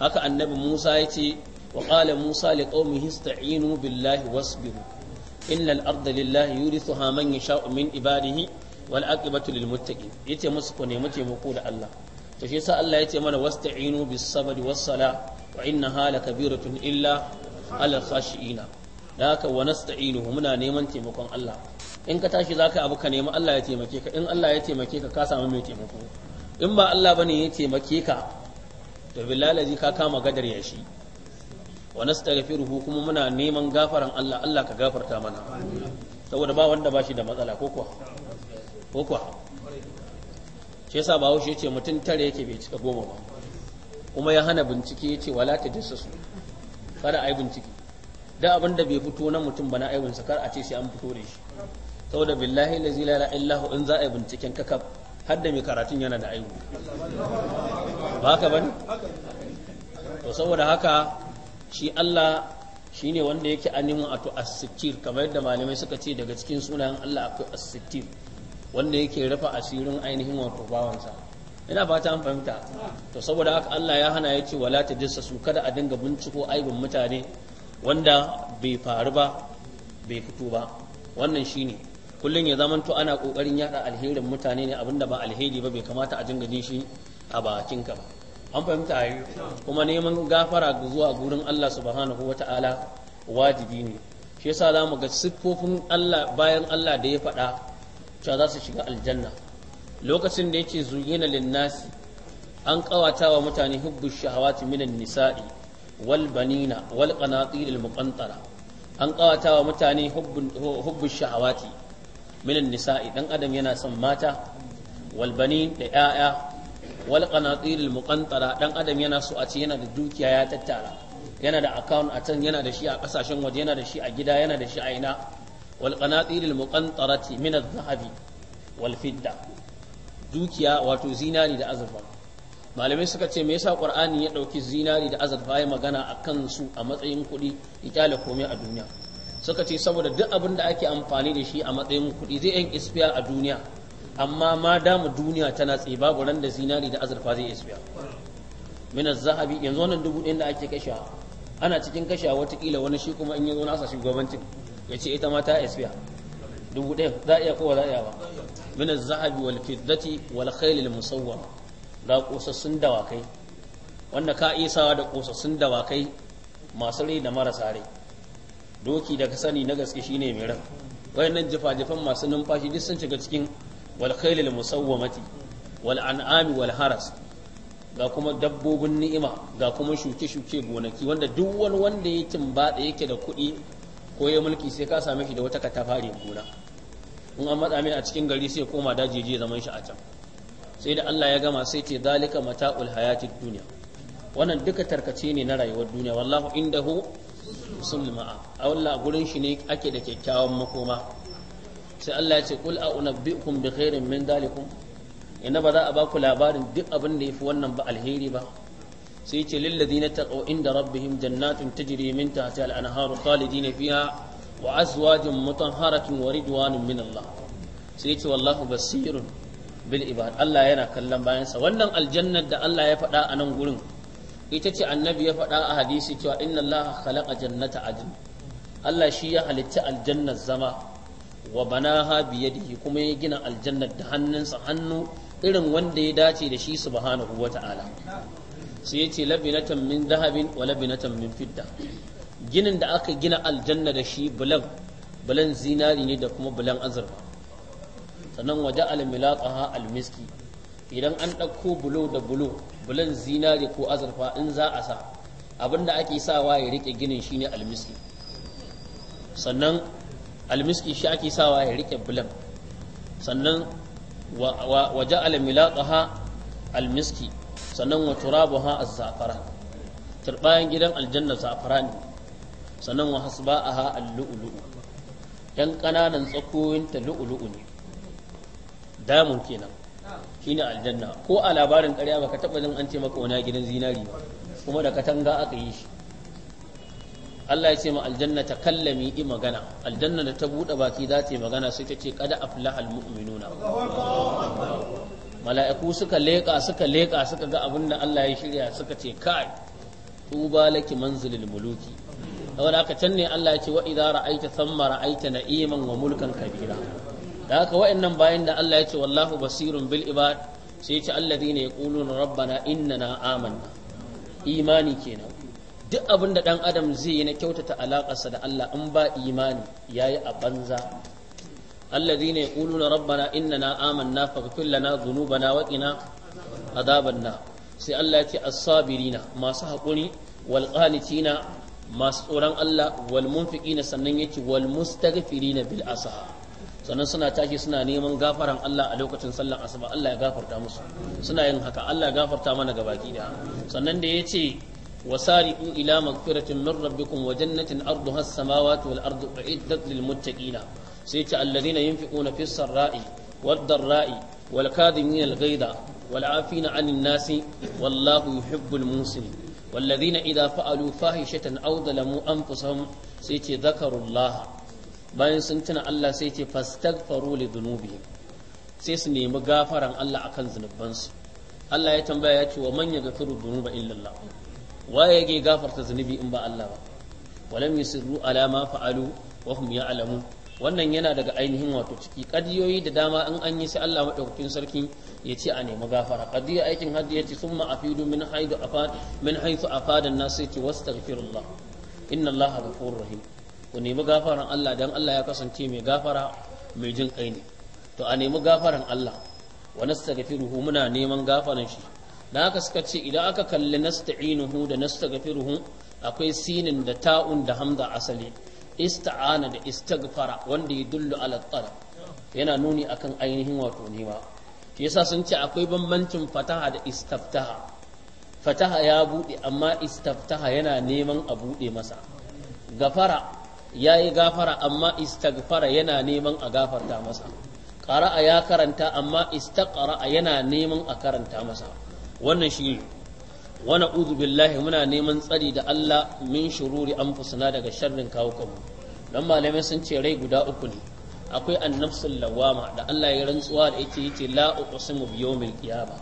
haka annabi Musa ya ce wa qala Musa liqaumihi ista'inu billahi wasbiru innal arda lillahi yurithuha man yasha'u min ibadihi wal aqibatu lil muttaqin yace musu ku nemi taimako da Allah to shi Allah ya ce mana wasta'inu bis sabri was sala wa innaha lakabiratun illa alal khashiina da haka wa nasta'inu muna neman taimakon Allah in ka tashi zaka abu ka nemi Allah ya taimake ka in Allah ya taimake ka ka samu mai taimako in ba Allah bane ya taimake ka to billahi ka kama gadar ya shi wa nastaghfiruhu kuma muna neman gafaran Allah Allah ka gafarta mana saboda ba wanda ba shi da matsala ko kuwa ko kuwa shi yasa ba haushe ce mutum tare yake bai cika goma ba kuma ya hana bincike ya ce wala ta jissa su kada a yi bincike da abin da bai fito na mutum ba na aibin sa kar a ce sai an fito da shi saboda billahi la da illahu in za a yi binciken kakaf har da mai karatun yana da aibu ba haka bane to saboda haka shi Allah shine wanda yake animu ato as kamar yadda malamai suka ce daga cikin sunayen Allah akwai as wanda yake rufe asirin ainihin wato bawansa ina fata an fahimta to saboda haka Allah ya hana ya ce wala ta jissa su kada a dinga binciko aibin mutane wanda bai faru ba bai fito ba wannan shine kullum ya zamanto ana kokarin yada alherin mutane ne abinda ba alheri ba bai kamata a dinga jin shi a bakinka ba an fahimta yi kuma neman gafara ga zuwa gurin Allah subhanahu wata'ala wajibi ne shi yasa za ga siffofin Allah bayan Allah da ya faɗa cewa za su shiga aljanna lokacin da yake zuyina linnasi an kawata wa mutane hubbu shahawati minan nisa'i wal banina wal qanatir al muqantara an kawata wa mutane hubbu shahawati minan nisa'i dan adam yana son mata wal banin da 'ya'ya wal qanatir al muqantara dan adam yana so a ce yana da dukiya ya tattara yana da account a can yana da shi a kasashen waje yana da shi a gida yana da shi a ina wal qanatiril muqantarati min adh-dhahabi wal fidda dukiya wato zinari da azurfa malamai suka ce me yasa ƙur'ani ya ɗauki zinari da azurfa ya magana akan su a matsayin kuɗi ya komai a duniya suka ce saboda duk abin da ake amfani da shi a matsayin kuɗi zai yin isfiya a duniya amma ma damu duniya tana tsaye babu ran zinari da azurfa zai isfiya min zahabi yanzu wannan dubu ɗin da ake kashewa ana cikin kashewa watakila wani shi kuma in ya zo nasa shugabancin ya ce ita ma ta isfiya dubu ɗaya za a iya kowa za a iya ba min zahabi wal fiddati wal khayl musawwam ga kosassun dawakai wanda ka isawa da kosassun dawakai masu rai da marasa rai doki da ka sani na gaske shine mai ran wayannan jifa-jifan masu numfashi duk sun shiga cikin wal khayl musawwamati wal an'ami wal haras ga kuma dabbobin ni'ima ga kuma shuke-shuke gonaki wanda duk wani wanda ya timba da yake da kuɗi ko ya mulki sai ka same shi da wata katafare gona in an matsa mai a cikin gari sai koma daji je zaman shi a can sai da Allah ya gama sai ce zalika mata'ul hayatid duniya wannan duka tarkace ne na rayuwar duniya wallahu indahu husnul ma'a Allah gurin shi ne ake da kyakkyawan makoma sai Allah ya ce kul a unabbi'ukum bi khairin min dalikum inda ba za a ba ku labarin duk abin da yafi wannan ba alheri ba sai ce lillazina taqaw inda rabbihim jannatun tajri min tahtiha al-anharu khalidina fiha wa azwajun mutahharatun wa ridwanun min Allah sai ce wallahu basirun bil ibad Allah yana kallon bayansa wannan aljannar da Allah ya faɗa a nan gurin ita ce annabi ya faɗa a hadisi cewa inna Allah khalaqa jannata adn Allah shi ya halitta aljannar zama wa banaha biyadihi kuma ya gina aljannar da hannunsa hannu irin wanda ya dace da shi subhanahu wata'ala sai yace labinatan min dahabin wa labinatan min fidda ginin da aka gina aljanna da shi bulan bulan zinari ne da kuma bulan azurfa sannan waje almilaqaha almiski idan an ɗauko bulo da bulo bulan zinari ko azurfa in za a sa abinda ake sawa ya rike ginin shine almiski sannan almiski shi ake sawa ya rike bulan sannan waje almilaqaha almiski sannan wa turabuha az-za'faran turbayan gidan aljanna ne. sannan wa hasba'aha al-lu'lu'u yan kananan tsakoyin ta lu'lu'u ne damun kenan shine aljanna ko a labarin ƙarya baka taba jin an ce maka wani gidan zinari ba kuma da katanga aka yi shi Allah ya ce ma aljanna ta kallami i magana aljanna da ta buɗe baki za ta yi magana sai ta ce kada aflahal mu'minuna mala'iku suka leƙa suka leƙa suka ga abin da Allah ya shirya suka ce kai tuba laki manzilil muluki saboda haka can ne Allah ya ce wa idza ra'aita thamma ra'aita na'iman wa mulkan kabira da haka wa'annan bayan da Allah ya ce wallahu basirun bil ibad sai ya ce alladhina yaquluna rabbana innana amanna imani kenan duk abin da dan adam zai yi na kyautata alakarsa da Allah in ba imani yayi a banza الذين يقولون ربنا إننا آمنا فاغفر لنا ذنوبنا وقنا عذاب النار سي الله يتي الصابرين ما سحقوني والقانتين ما سوران الله والمنفقين سنن يتي والمستغفرين بالأسحار sannan suna tashi suna neman gafaran Allah a lokacin sallan asuba Allah ya gafarta musu suna yin haka Allah ya gafarta mana gaba da sannan da yace wasari'u ila magfiratin min rabbikum wa jannatin arduha as-samawati wal ardu uiddat lil muttaqina sai ce allazina yunfiquna fis ra'i. wad darra'i wal na al ghaidha wal afina 'anil nasi wallahu yuhibbul muslimin والذين إذا فعلوا فاحشة أو ظلموا أنفسهم سيتي ذكروا الله bayan sun tuna Allah sai ce fastaghfaru li dhunubihim sai su nemi gafaran Allah akan zunubansu Allah ya tambaya ya ce wa man yaghfiru dhunuba illa Allah waye yake gafarta zunubi in ba Allah ba walam yusirru ala ma fa'alu wa hum ya'lamun wannan yana daga ainihin wato ciki kadiyoyi da dama in an yi sai Allah madaukakin sarki ya ce a nemi gafara kadiya aikin hajji ya summa afidu min haidu afad min haythu afadan nas sai ce wastaghfirullah inna Allah ghafurur rahim ku nemi gafaran Allah dan Allah ya kasance mai gafara mai jin kai ne to a nemi gafaran Allah wa nastaghfiruhu muna neman gafaran shi dan haka suka ce idan aka kalli nasta'inuhu da nastaghfiruhu akwai sinin da ta'un da hamza asali ista'ana da istighfara wanda ya dullu ala talab yana nuni akan ainihin wato nema shi yasa sun ce akwai bambancin fataha da istaftaha fataha ya bude amma istaftaha yana neman a bude masa gafara ya yi gafara amma istaghfara yana neman a gafarta masa ƙara'a ya karanta amma istaqra'a yana neman a karanta masa wannan shi ne Wani na'udhu billahi muna neman tsari da Allah min shururi anfusina daga sharrin mu. dan malamai sun ce rai guda uku ne akwai annafsul lawama da Allah ya rantsuwa da yake yace la uqsimu bi yawmil qiyama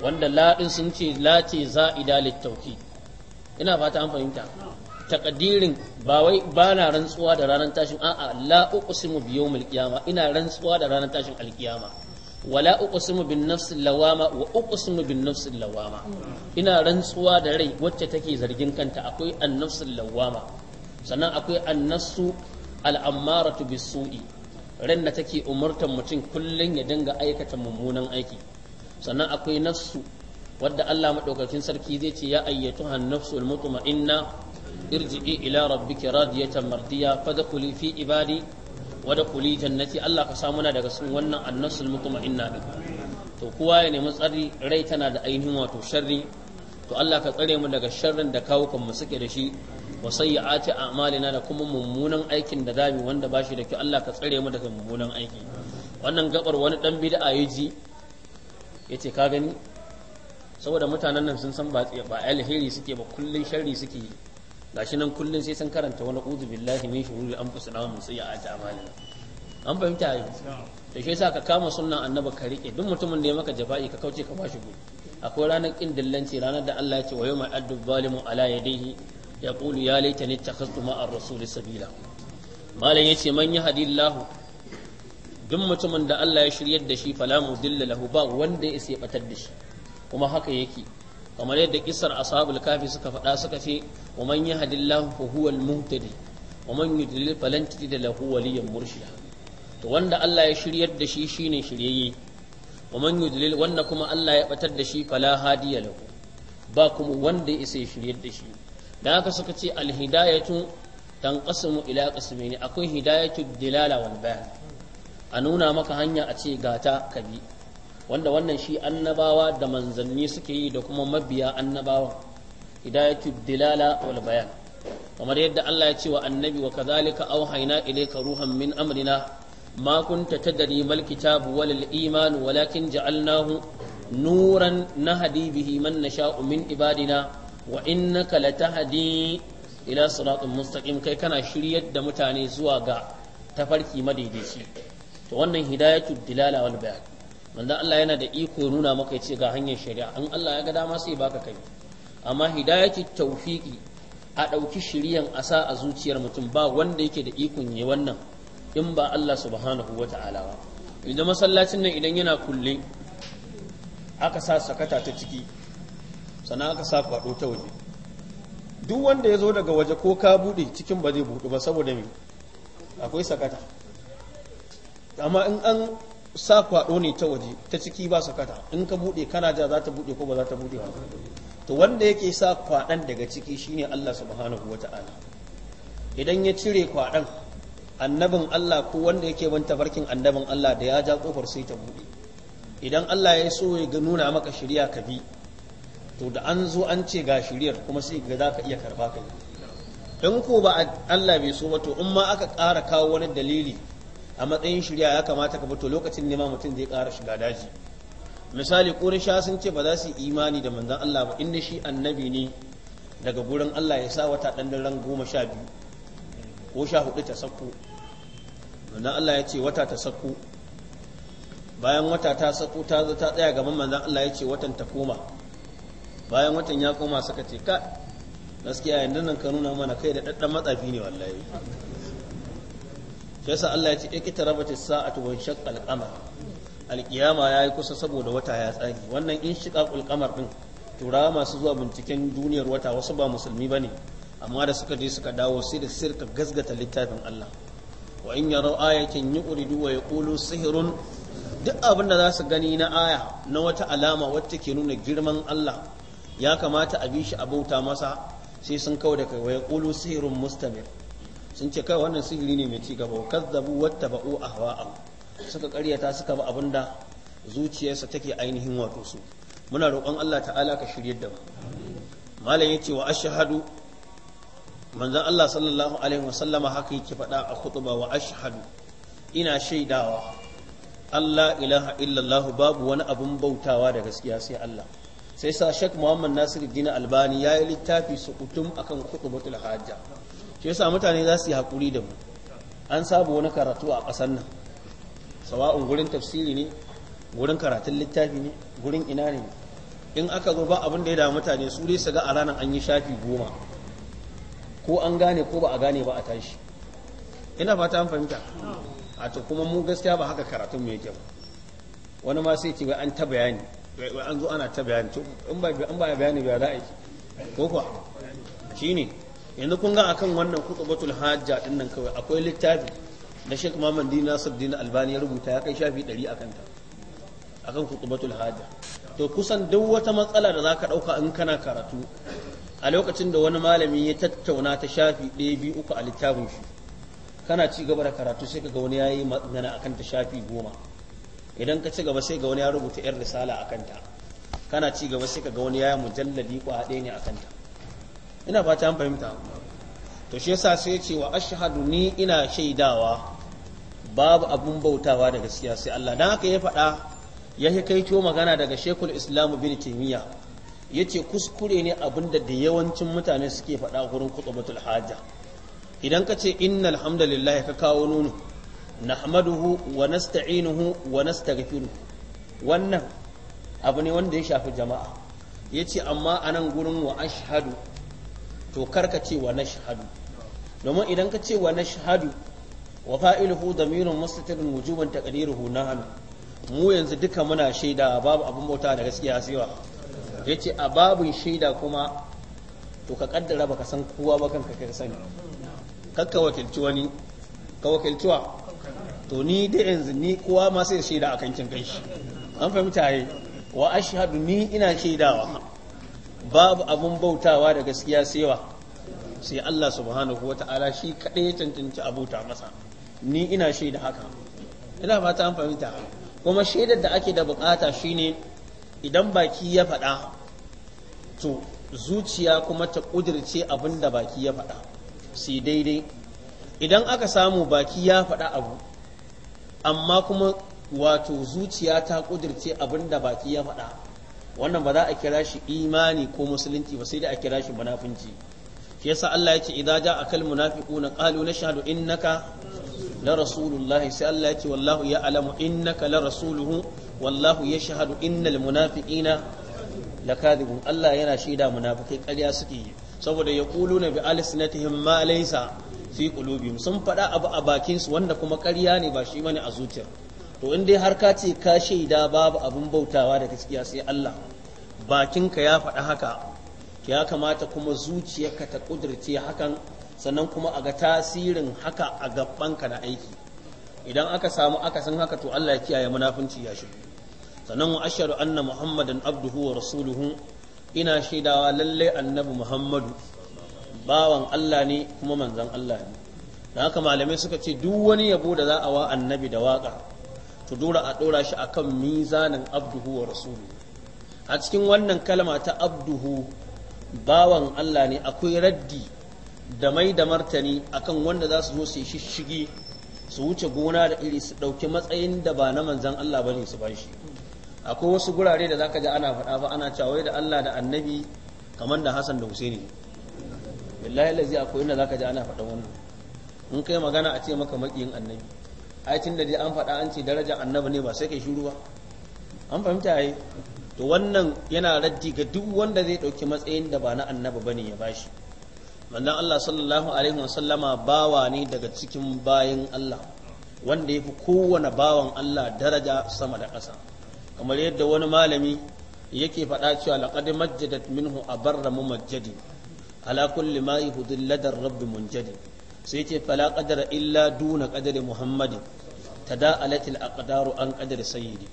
wanda la sun ce la ce za'ida littauki ina fata an fahimta takadirin ba wai ba na rantsuwa da ranar tashin a'a la uqsimu bi yawmil qiyama ina rantsuwa da ranar tashin alkiyama wala uqsimu bin nafsin lawama wa uqsimu bin nafsin lawama ina rantsuwa da rai wacce take zargin kanta akwai an-nafsil lawama sannan akwai an-nafsu bis-su'i ran da take umurtan mutum kullum ya dinga aikata mummunan aiki sannan akwai nafsu wadda Allah madaukakin sarki zai ce ya ayyatuhan nafsul mutma'inna irji'i ila rabbika radiyatan mardiya fadkhuli fi ibadi wada kuli jannati Allah ka na daga cikin wannan annasul mutma'inna din to kowa ya nemi tsari rai tana da ainihin wato sharri to Allah ka tsare mu daga sharrin da kan mu suke da shi wa sayyi'ati a'malina da kuma mummunan aikin da zamu wanda ba shi da kyau Allah ka tsare mu daga mummunan aiki wannan gabar wani dan bid'a yaji yace ka gani saboda mutanen nan sun san ba ba alheri suke ba kullun sharri suke yi gashi nan kullum sai sun karanta wani uzu billahi min shururi anfusina wa min sayyi'ati a'malina an fahimta ai da shi yasa ka kama sunnan annabi ka riƙe. duk mutumin da ya maka jaba'i ka kauce ka bashi gudu akwai ranar ƙin dillanci ranar da Allah ya ce wa mai addu zalimu ala yadayhi yaqulu ya laitani ta ma'a a rasul sabila malam yace man hadillahu. duk mutumin da Allah ya shiryar da shi fala mudilla lahu ba wanda ya ya batar da shi kuma haka yake kamar yadda kisar ashabul kafi suka faɗa suka ce wa man yahdillahu fa huwa al-muhtadi wa man yudlil falan tajida lahu waliyyan murshida to wanda Allah ya shiryar da shi shine shiryayye wa man yudlil wanda kuma Allah ya batar da shi fala hadiya lahu ba kuma wanda ya isa shiryar da shi dan haka suka ce al-hidayatu tanqasimu ila qismaini akwai hidayatu dilala wal bayan a nuna maka hanya a ce gata ka bi. wanda wannan shi annabawa da manzanni suke yi da kuma mabiya annabawa hidayatu dilala wal bayan kamar yadda Allah ya ce wa annabi wa kadhalika auhayna ilayka ruhan min amrina ma kunta tadri mal kitabu wal iman walakin ja'alnahu nuran nahdi bihi man nasha'u min ibadina wa innaka latahdi ila siratin mustaqim kai kana shiryar da mutane zuwa ga tafarki madaidaici to wannan hidayatu dilala wal bayan manzon Allah yana da iko nuna maka ce ga hanyar shari'a in Allah ya ga dama sai baka kai amma hidayati tawfiqi a ɗauki shiriyan asa a zuciyar mutum ba wanda yake da ikon yi wannan in ba Allah subhanahu wa ta'ala ba idan masallacin nan idan yana kulle aka sa sakata ta ciki sannan aka sa kwado ta waje duk wanda ya zo daga waje ko ka bude cikin ba zai buɗe ba saboda me akwai sakata amma in an sa kwaɗo ne ta waje ta ciki ba sakata in ka buɗe, kana ja za ta bude ko ba za ta bude ba to wanda yake sa kwadan daga ciki shine Allah subhanahu wata'ala idan ya cire kwadan annabin Allah ko wanda yake ban tafarkin annabin Allah da ya ja kofar sai ta buɗe. idan Allah ya so ya nuna maka shirya ka bi to da an zo an ce ga shiryar kuma sai ga za ka iya karba ka yi Ɗan ko ba Allah bai so ba to in ma aka ƙara kawo wani dalili a matsayin shirya ya kamata ka fito lokacin nema mutum zai ƙara shiga daji misali ƙurisha sun ce ba za su yi imani da manzan Allah ba inda shi annabi ne daga gurin Allah ya sa wata ɗan goma sha biyu ko sha hudu ta sakko manzan Allah ya ce wata ta sakko bayan wata ta sakko ta zo ta tsaya gaban manzan Allah ya ce watan ta koma bayan watan ya koma suka ce ka gaskiya yanzu nan ka nuna mana kai da ɗaɗɗan matsafi ne wallahi yasa Allah ya ce ya rabata sa'atu wa shaqqa al alƙiyama ya yayi kusa saboda wata ya tsage wannan in shiqaqul qamar din turawa masu zuwa binciken duniyar wata wasu ba musulmi ne amma da suka je suka dawo sai da sirka gasgata littafin Allah wa in yaraw ayatin yuridu wa yaqulu sihrun duk abin da za su gani na aya na wata alama wacce ke nuna girman Allah ya kamata a bi shi a bauta masa sai sun kawo da kai wa yaqulu sihrun mustamir sun ce kai wannan sihiri ne mai ci gaba wa kazzabu wattaba'u ahwa'ahum suka karyata suka ba abinda zuciyarsa take ainihin wato su muna roƙon Allah ta'ala ka shiryar da mu malam yace wa ashhadu manzon Allah sallallahu alaihi wasallama haka yake faɗa a khutba wa ashhadu ina shaidawa Allah ilaha illallah babu wani abun bautawa da gaskiya sai Allah sai sa Sheikh Muhammad Nasiruddin Albani yayi littafi kutum akan khutbatul hajja shi yasa mutane za su yi haƙuri da mu an saba wani karatu a ƙasar nan sawa'un gurin tafsiri ne gurin karatun littafi ne gurin ina ne in aka zo ba abin da ya da mutane su dai su ga a ranar an yi shafi goma ko an gane ko ba a gane ba a tashi ina fata an fahimta a to kuma mu gaskiya ba haka karatun mu yake ba wani ma sai ce an ta bayani an zo ana ta bayani to in ba bayani ba za a yi ko kuwa shine yanzu kun ga akan wannan batul hajja din nan kawai akwai littafi da Sheikh Muhammad Din Nasiruddin Albani ya rubuta ya kai shafi 100 akan ta akan batul hajja to kusan duk wata matsala da zaka dauka in kana karatu a lokacin da wani malami ya tattauna ta shafi ɗaya biyu uku a littafin shi kana ci gaba da karatu sai kaga wani yayi magana akan ta shafi goma idan ka ci gaba sai ga wani ya rubuta yar risala akan ta kana ci gaba sai kaga wani yayi mujalladi ko ɗaya ne akan ta ina fata an fahimta to shi yasa sai ce wa ashhadu ni ina shaidawa babu abun bautawa da gaskiya sai Allah dan haka ya faɗa ya kaito magana daga shekul Islam bin ya yace kuskure ne abinda da yawancin mutane suke faɗa gurin kutubatul haja idan ka ce innal hamdalillah ka kawo nunu nahmaduhu wa nasta'inuhu wa nastaghfiruh wannan abu ne wanda ya shafi jama'a yace amma anan gurin wa ashhadu to karka ce wa nashhadu domin idan ka ce wa nashhadu wa fa'iluhu damirun mustatirun wujuban taqdiruhu hannu. mu yanzu duka muna shaida babu abin bauta da gaskiya sai Ya yace a babun shaida kuma to ka kaddara baka san kowa ba kanka ka sani kakka wakilci wani ka wakilciwa wa to ni da yanzu ni kowa ma sai shaida akan kin kai shi an fahimta yi wa ashhadu ni ina shaidawa babu abun bautawa da gaskiya sewa sai Allah subhanahu ta'ala shi kaɗai ya cancanci abuta masa ni ina shaida haka ina fata amfani fahimta kuma shaidar da ake da bukata shine idan baki ya faɗa to zuciya kuma ta ƙudirce abin da baki ya faɗa sai daidai idan aka samu baki ya faɗa abu amma kuma wato zuciya ta ƙudirce abin da baki ya faɗa wannan ba za a kira shi imani ko musulunci ba sai da a kira shi munafunci shi yasa Allah ya ce idza ja akal munafiquna qalu nashhadu innaka la rasulullahi sai Allah ya ce wallahu ya'lamu innaka la rasuluhu wallahu yashhadu innal munafiqina lakadibun Allah yana shaida munafikai ƙarya suke yi saboda yaquluna bi alsinatihim ma laysa fi qulubihim sun faɗa abu a bakinsu, wanda kuma ƙarya ne ba shi bane a zuciyar to in dai har ka ce ka shaida babu abin bautawa da gaskiya sai Allah bakinka ya faɗi haka ya kamata kuma zuciyarka ta ƙudurce hakan sannan kuma a ga tasirin haka a gabanka na aiki idan aka samu akasin haka to Allah ya kiyaye munafunci ya shi sannan wa asharu anna muhammadan abduhu wa rasuluhu ina shaidawa lalle annabi muhammadu bawan Allah ne kuma manzon Allah ne da haka malamai suka ce duk wani yabo da za a wa annabi da waka ku dora a dora shi akan mizanin abduhu wa rasulu a cikin wannan kalma ta abduhu bawan Allah ne akwai raddi da mai da martani akan wanda za su zo su yi shige su wuce gona da iri su ɗauki matsayin da ba na manzan Allah ba ne su ba shi akwai wasu gurare da zaka ji ana faɗa ba ana cewa da Allah da annabi kamar da Hassan da Husaini billahi lazi akwai inda zaka ji ana faɗa wannan in kai magana a ce maka makiyin annabi ai tun da dai an faɗa an ce darajar annabi ne ba sai kai shiru ba an fahimta ai to wannan yana raddi ga duk wanda zai ɗauki matsayin da ba na annabi bane ya bashi wannan Allah sallallahu alaihi wa sallama bawa ne daga cikin bayan Allah wanda ya fi kowane bawan Allah daraja sama da ƙasa kamar yadda wani malami yake faɗa cewa laqad majjadat minhu abarra mumajjadi ala kulli ma ladar rabbi munjadi sai ce fala qadara illa duna qadari muhammadin a aqdaru an qadari sayyidi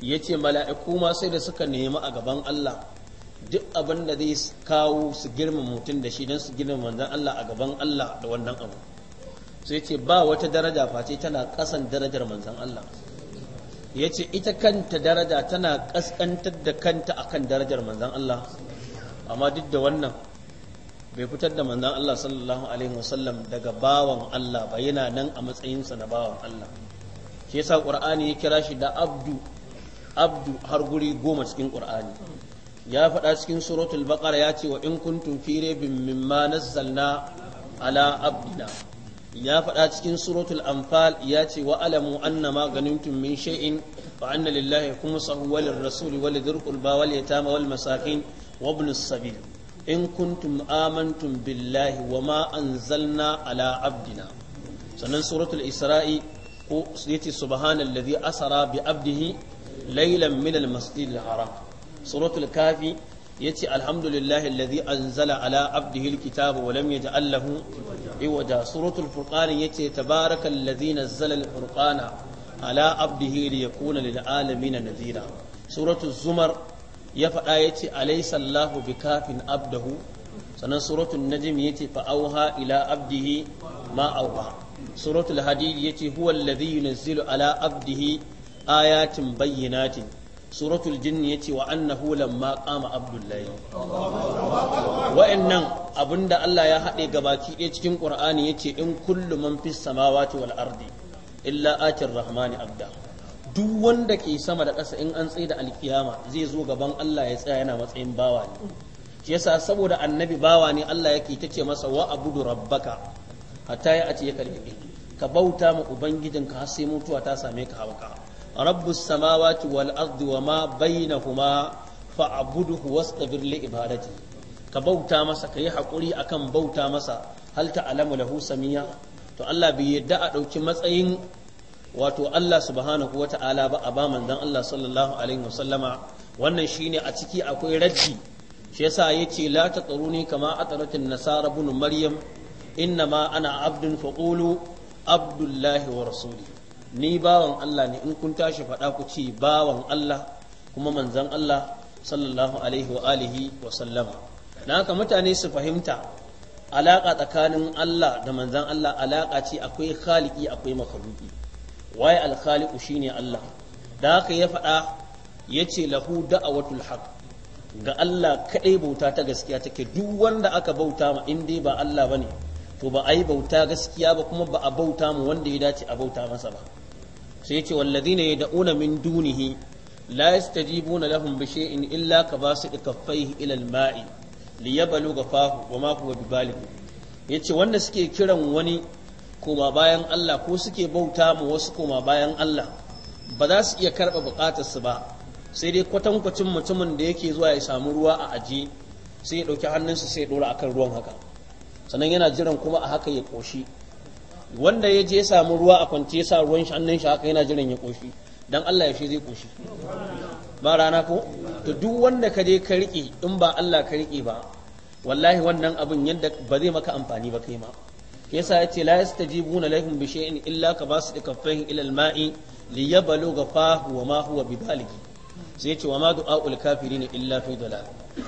yace mala'iku ma sai da suka nemi a gaban Allah duk abin da zai kawo su girma mutum da shi don su girma manzan Allah a gaban Allah da wannan abu sai ce ba wata daraja face tana kasan darajar manzan Allah ya ce ita kanta daraja tana kaskantar da kanta akan darajar manzan Allah amma duk da wannan bai fitar da mazan Allah sallallahu alaihi wasallam daga bawan Allah ba yana nan a matsayinsa na bawan Allah shi yasa qur'ani ya kira shi da abdu abdu har guri goma cikin qur'ani ya faɗa cikin suratul baqara ya ce wa in kuntum fi raibin mimma nazzalna ala abdina ya faɗa cikin suratul anfal ya ce wa alamu annama ganimtum min shay'in fa anna lillahi khumsahu walirrasuli walidhil qurba wal yatama wal masakin wa ibn as-sabil in kuntum amantum billahi wa ma anzalna ala abdina sannan suratul isra'i ko yace ladhi asara bi abdihi laylan min almasjidil haram suratul kafi yace alhamdulillahi allazi anzala ala abdihi alkitaba wa lam yaj'al lahu iwaja suratul furqan yace tabarakallazi nazzala alfurqana ala abdihi liyakuna lil alamin nadhira suratul zumar ya faɗa ya ce alaysa bikafin abdahu sannan suratul najm yace ce fa'auha ila abdihi ma auha suratul hadid yace huwa alladhi yunzilu ala abdihi ayatin bayyinatin suratul jin yace wa annahu lamma qama abdullahi wa'annan abinda Allah ya haɗe gabaki ɗaya cikin qur'ani yace in kullu man fis samawati wal ardi illa atir rahmani abda duk wanda ke sama da ƙasa in an tsaye da alkiyama zai zo gaban Allah ya tsaya yana matsayin bawa ne shi yasa saboda annabi bawa ne Allah yake ta ce masa wa abudu rabbaka hatta ya ace ya kalbi ka bauta ma ubangijinka har sai mutuwa ta same ka hauka rabbus samawati wal ardi wa ma bainahuma fa'budhu wastabir li ibadati ka bauta masa kai hakuri akan bauta masa hal ta'lamu lahu samia to Allah bai yadda a dauki matsayin wato Allah subhanahu wa ta'ala ba a ba manzon Allah sallallahu alaihi wasallama wannan shine a ciki akwai raddi shi yasa yace la taquruni kama ataratin nasara ibn maryam inna ma ana abdun faqulu abdullahi wa rasuli ni bawan Allah ne in kun tashi faɗa ku ce bawan Allah kuma manzon Allah sallallahu alaihi wa alihi wa sallama na haka mutane su fahimta alaƙa tsakanin Allah da manzon Allah alaƙa ce akwai khaliki akwai makhluki waye alkhaliqu shine Allah da haka ya faɗa yace lahu da'awatul haqq ga Allah kaɗai bauta ta gaskiya take duk wanda aka bauta ma in dai ba Allah bane to ba a yi bauta gaskiya ba kuma ba a bauta mu wanda ya dace a bauta masa ba sai yace walladhina yad'una min dunihi la yastajibuna lahum bi shay'in illa ka basid kaffaihi ila al-ma'i liyabluga fahu wa ma huwa bibaligh yace wanda suke kiran wani koma bayan Allah ko suke bauta mu wasu koma bayan Allah ba za su iya karɓa buƙatarsu ba sai dai kwatankwacin mutumin da yake zuwa ya samu ruwa a aji sai ya ɗauki hannunsa sai ya ɗora akan ruwan haka sannan yana jiran kuma a haka ya ƙoshi wanda ya je samu ruwa a kwance ya sa ruwan hannun shi haka yana jiran ya ƙoshi dan Allah ya shi zai ƙoshi ba rana ko to duk wanda ka je ka riƙe in ba Allah ka riƙe ba wallahi wannan abin yadda ba zai maka amfani ba kai ma yasa yace la yastajibuna laifin bi shay'in illa ka basu kaffaihi ila al-ma'i ga fahu wa ma huwa bibaligi sai yace wa ma du'aul ne illa fi dalal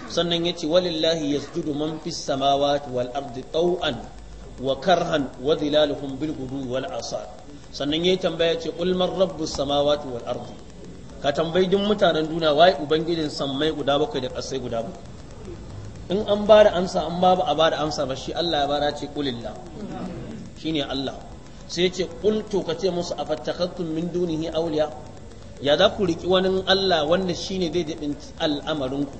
sannan yace walillahi yasjudu man fis samawati wal ardi taw'an wa karhan wa dhilaluhum bil ghudu wal sannan yayi tambaya yace qul man rabbus samawati wal ardi ka tambayi duk mutanen duniya wai ubangijin sammai guda bakwai da kasai guda bakwai in an ba da amsa an ba a ba da amsa ba shi Allah ya bara ce kulillah shine Allah sai ya ce kul ka ce musu afattakhtum min dunihi awliya ya za ku riki wani Allah wanda shine zai jibin al'amarin ku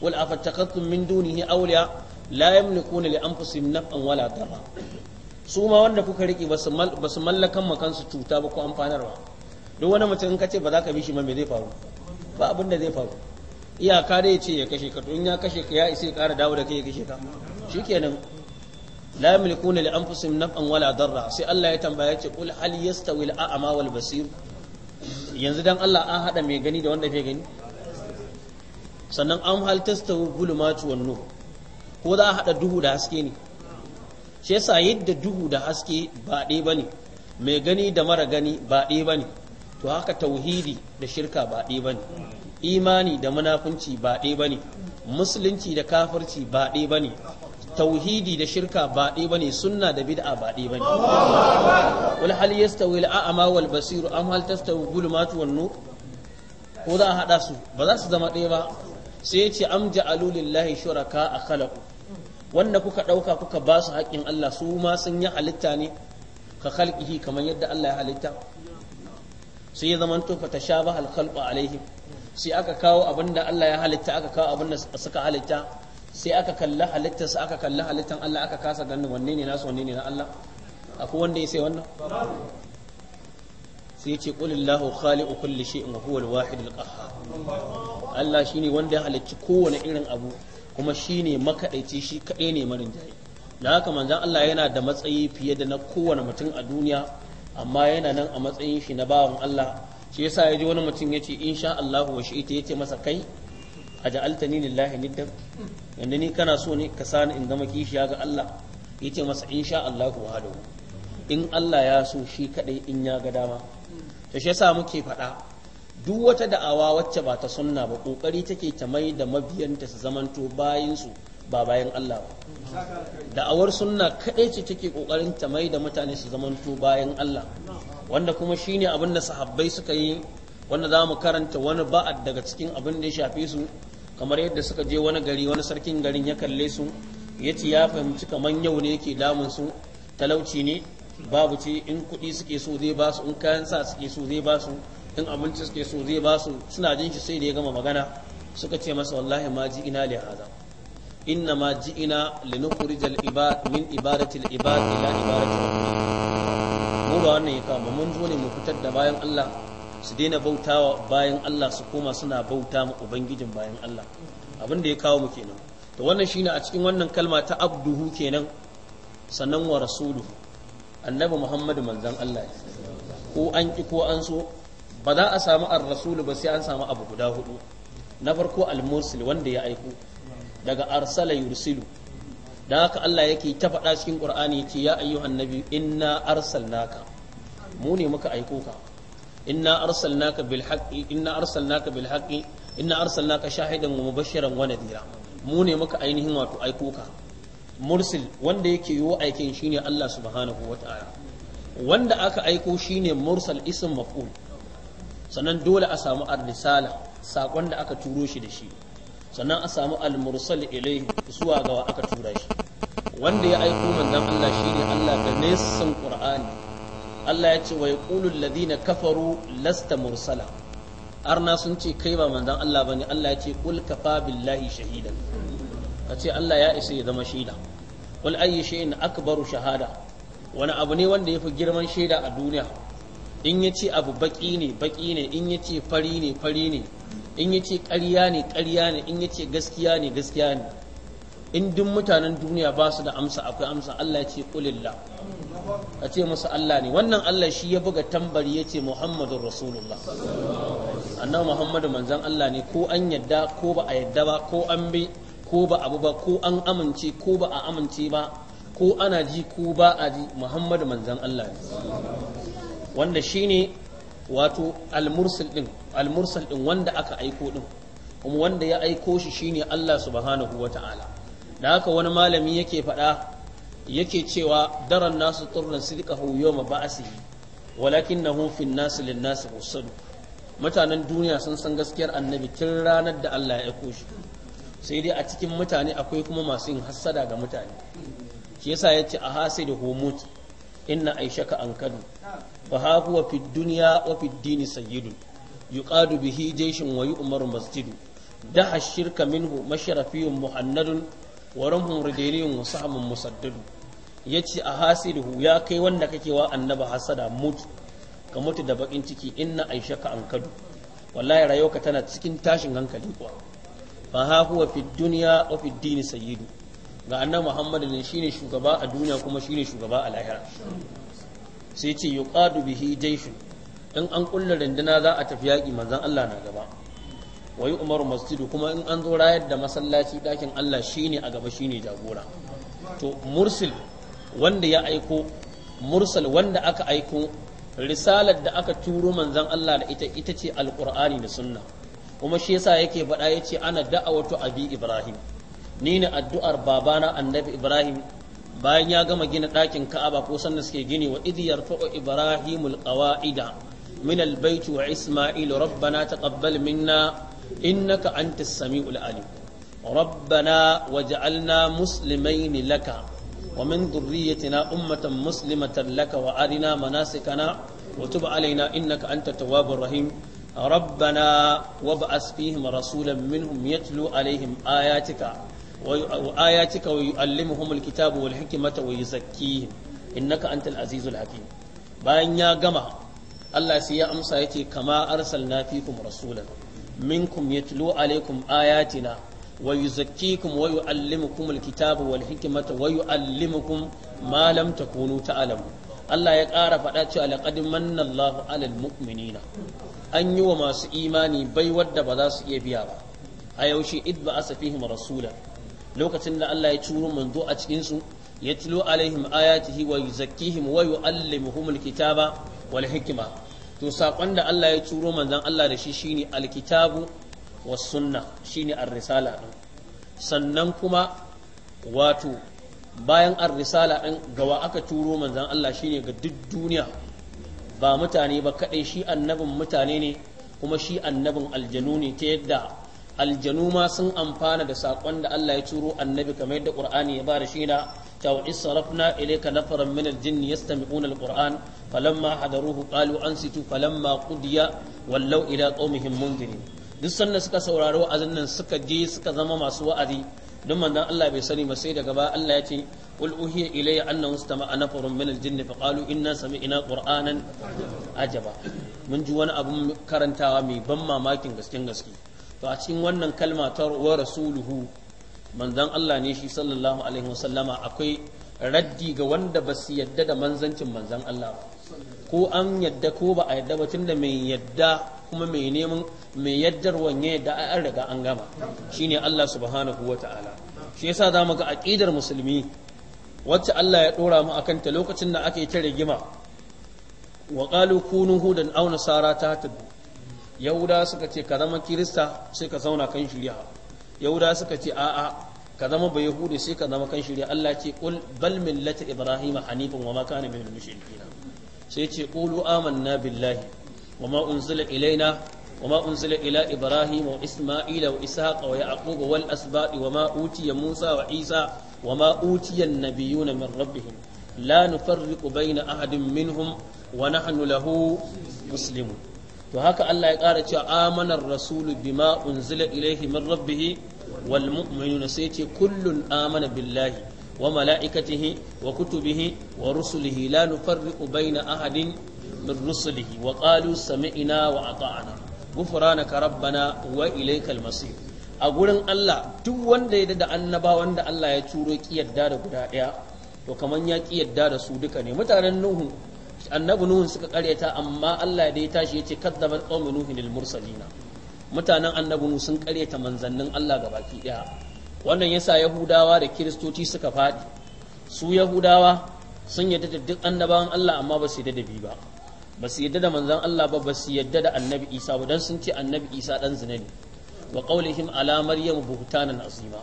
wal afattakhtum min dunihi awliya la yamlikuna li anfusihim naf'an wala darra su ma wanda kuka riki ba su mallakan makansu cuta ba ko amfanarwa duk wani mutum in ka ce ba za ka bi shi ma me zai faru ba abin da zai faru iyaka dai ce ya kashe ka to in ya kashe ka ya isa ya kara dawo da kai ya kashe ka shikenan la yamlikuna li anfusihim naf'an wala darra sai Allah ya tambaya ce qul hal yastawi al a'ma wal basir yanzu dan Allah an hada mai gani da wanda bai gani sannan an hal tastawi zulumatu wan nur ko za a haɗa duhu da haske ne shi yasa yadda duhu da haske ba ɗaya bane mai gani da mara gani ba ɗaya bane to haka tauhidi da shirka ba ɗaya bane imani da munafunci ba ɗaya musulunci da kafirci ba ɗaya tauhidi da shirka ba ɗaya bane sunna da bid'a ba ɗaya bane wal hal yastawi al a'ma wal basir am hal tastawi zulumatu wan nur ko za a hada su ba za su zama ɗaya ba sai ya ce am ja'alu lillahi shuraka a khalaqu wanda kuka ɗauka kuka ba su Allah su ma sun yi halitta ne ka khalqihi kamar yadda Allah ya halitta sai ya zamanto fa tashabaha al khalqu alaihim sai aka kawo abin da Allah ya halitta aka kawo abin da suka halitta sai aka kalli sai aka kalli halittar Allah aka kasa ganin wanne ne nasu wanne ne na Allah akwai wanda ya sai wannan sai ya ce qulillahu khaliqu kulli shay'in wa huwa al-wahid al-qahhar Allah shine wanda ya halicci kowane irin abu kuma shine makadaici shi kadai ne marin jayi da haka manzon Allah yana da matsayi fiye da na kowane mutum a duniya amma yana nan a matsayin shi na bawan Allah shi yasa ji wani mutum yace insha Allahu wa shi'ita yace masa kai aj'altani lillahi niddan yanda ni kana so ne ka sani in zama kishiya ga Allah ya ce masa insha Allahu hadu in Allah ya so shi kadai in ya ga dama to shi yasa muke faɗa duk wata da'awa wacce ba ta sunna ba kokari take ta mai da mabiyanta su zamanto bayin su ba bayan Allah ba da'awar sunna kadai ce take kokarin ta mai da mutane su zamanto bayan Allah wanda kuma shine abin da sahabbai suka yi wanda za mu karanta wani ba'ad daga cikin abin da ya shafe su kamar yadda suka je wani gari wani sarkin garin ya kalle su ya ce ya fahimci kamar yau ne yake damun su talauci ne babu ce in kuɗi suke so zai ba su in kayan sa suke so zai ba su in abinci suke so zai ba su suna jin shi sai da ya gama magana suka ce masa wallahi ma ji ina lihaza inna ma ji ina ibad min ibadatil ibad ila ibadatil mu wannan ya kama mun zo ne mu fitar da bayan Allah su daina bautawa bayan Allah su koma suna bauta mu ubangijin bayan Allah abin da ya kawo mu kenan to wannan shine a cikin wannan kalma ta abduhu kenan sanan wa rasulu annabi Muhammadu manzon Allah ko an ki ko an so ba za a samu ar-rasulu ba sai an samu abu guda hudu na farko al-mursil wanda ya aiko daga arsala yursilu da haka Allah yake ta faɗa cikin Qur'ani ce ya ayyuhan nabi inna arsalnaka mu ne muka aiko ka inna arsalnaka bil haqqi inna arsalnaka bil haqqi inna arsalnaka shahidan wa mubashiran wa nadira mu ne muka ainihin wato aiko ka mursil wanda yake yiwo aikin shine Allah subhanahu wa ta'ala wanda aka aiko shine mursal ism maf'ul sannan dole a samu ar sakon da aka turo shi da shi sannan a samu al-mursal suwa zuwa ga wa aka tura shi wanda ya aiko manzon Allah shine Allah da nesan Qur'ani Allah ya ce wa yaqulu alladhina kafaru lasta mursala arna sun ce kai ba manzon Allah bane Allah ya ce qul kafa billahi shahidan ka ce Allah ya isa ya zama shaida qul ayyi shay'in akbaru shahada wani abu ne wanda ya fi girman shaida a duniya in ya ce abu baki ne baki ne in ya ce fari ne fari ne in yace ƙarya ne ƙarya ne in yace gaskiya ne gaskiya ne in duk mutanen duniya ba su da amsa akwai amsa Allah ya ce kulillah a ce musu Allah ne wannan Allah shi ya buga tambari ya ce Muhammadun Rasulullah annabi Muhammadu manzan Allah ne ko an yadda ko ba a yadda ba ko an bi ko ba abu ba ko an amince ko ba a amince ba ko ana ji ko ba a ji Muhammadu manzan Allah ne wanda shine wato almursal din almursal din wanda aka aiko din kuma wanda ya aiko shi shine Allah subhanahu wata'ala da haka wani malami yake faɗa yake cewa daran nasu turran hu yawma ba'sihi walakinahu fin nas lin nas husadu mutanen duniya sun san gaskiyar annabi tun ranar da Allah ya aiko shi sai dai a cikin mutane akwai kuma masu yin hassada ga mutane shi yasa yace a hasidu humut inna aishaka an kadu fa ha huwa fi dunya wa fi dini sayyidun yuqadu bihi jayshin wa yu'maru masjidu daha shirka minhu masharafiyun muhannadun wa ramhun ridaniyun wa sahmun musaddadu yace a hasiduhu ya kai wanda kake wa annaba hasada mut ka mutu da bakin ciki inna aishaka an kadu wallahi rayuwarka tana cikin tashin hankali kuwa fa ha fi wa fi dini sayyidu ga annabi Muhammad ne shine shugaba a duniya kuma shine shugaba a lahira sai ce yuqadu bihi jaishun in an kulla rinduna za a tafi yaƙi manzon Allah na gaba Wai umaru masjidu kuma in an zo rayar da masallaci dakin Allah shine a gaba shine jagora to mursil wanda ya aiko mursal wanda aka aiko risalar da aka turo manzon Allah da ita ita ce alqur'ani da sunna kuma shi yasa yake faɗa yace ana da'awatu abi ibrahim ni ne addu'ar babana annabi ibrahim bayan ya gama gina ɗakin ka'aba ko sannan suke gini wa idiyar yarfa'u ibrahimul qawa'ida min albayt wa isma'il rabbana taqabbal minna innaka antas samiul alim rabbana waj'alna muslimain laka wa min dhurriyyatina ummatan muslimatan laka wa arina manasikana wa tub alaina innaka antat tawwabur rahim ربنا وابعث فيهم رسولا منهم يتلو عليهم آياتك وآياتك ويعلمهم الكتاب والحكمة ويزكيهم إنك أنت العزيز الحكيم bayan ya gama Allah sai ya amsa yace kama arsalna fikum rasulan minkum yatlu alaikum ayatina wa yuzakkikum wa yuallimukum alkitaba wal hikmata wa yuallimukum ma lam takunu ta'lamu Allah ya kara faɗa cewa laqad manna Allahu alal mu'minina an yi wa masu imani bai wadda ba su iya biya ba a yaushe id ba asa fihim rasulan lokacin da Allah ya turo manzo a cikin su yatlu alaihim ayatihi wa yuzakkihim wa yuallimuhumul kitaba wal hikma to sakon da Allah ya turo manzon Allah da shi shine alkitabu was sunna shine ar-risala din sannan kuma wato bayan ar-risala din gawa aka turo manzon Allah shine ga duk duniya ba mutane ba kadai shi annabin mutane ne kuma shi annabin aljanu ne ta yadda aljanu ma sun amfana da sakon da Allah ya turo annabi kamar yadda Qur'ani ya bada shi da ta sarafna ilayka nafaran min aljinn yastami'una alquran falamma hadaruhu qalu ansitu falamma qudiya wallau ila qaumihim mundirin duk sannan suka saurari wa'azin nan suka je suka zama masu wa'azi don manzon Allah bai sani ba sai daga ba Allah ya ce قل أوحي إلي أنه استمع نفر من الجن فقالوا إنا سمعنا قرآنا mun ji wani أبو karantawa mai ban mamakin gaske غسكين to a cikin wannan kalma ta wa rasuluhu manzan Allah ne shi sallallahu alaihi wasallama akwai raddi ga wanda ba su yadda da manzancin manzan Allah ba ko an yadda ko ba a yadda ba tunda mai yadda kuma mai neman mai yaddar wanye da an riga an gama shine Allah subhanahu wata'ala shi yasa zamu ga aqidar musulmi wacce Allah ya ɗora mu a kanta lokacin da ake ta rigima wa qalu kunu hudan aw nasara ta tabu yahuda suka ce ka zama kirista sai ka zauna kan shirya yahuda suka ce a'a ka zama bai yahudi sai ka zama kan shirya Allah ce qul bal millata ibrahim hanifan wa ma kana minal mushrikin sai ce qulu amanna billahi wa ma unzila ilaina wa ma unzila ila ibrahim wa isma'ila wa ishaqa wa yaquba wal asbaq wa ma utiya musa wa isa wa ma utiya an-nabiyuna min rabbihim la nufarriqu bayna ahadin minhum wa nahnu lahu muslimun to haka Allah ya ƙara cewa amanar rasulu bima unzila ilaihi min rabbihi wal mu'minuna sai ce kullun amana billahi wa mala'ikatihi wa kutubihi wa rusulihi la nufarriqu baina ahadin min rusulihi wa qalu sami'na wa ata'na ghufranaka rabbana wa ilaikal masir a gurin Allah duk wanda ya da annabawan da Allah ya turo ki da guda daya to kaman ya ki yadda da su duka ne mutanen Nuhu annabi nuhun suka karyata amma Allah da ya tashi yace kadzabat qaumu nuhin al mursalina mutanen annabi nuhu sun karyata manzannin Allah gabaki daya wannan yasa yahudawa da kiristoci suka fadi su yahudawa sun yadda da duk annabawan Allah amma ba su yadda da bi ba ba su yadda da manzan Allah ba ba su yadda da annabi Isa ba dan sun ce annabi Isa dan zina ne wa qaulihim ala maryam buhtanan azima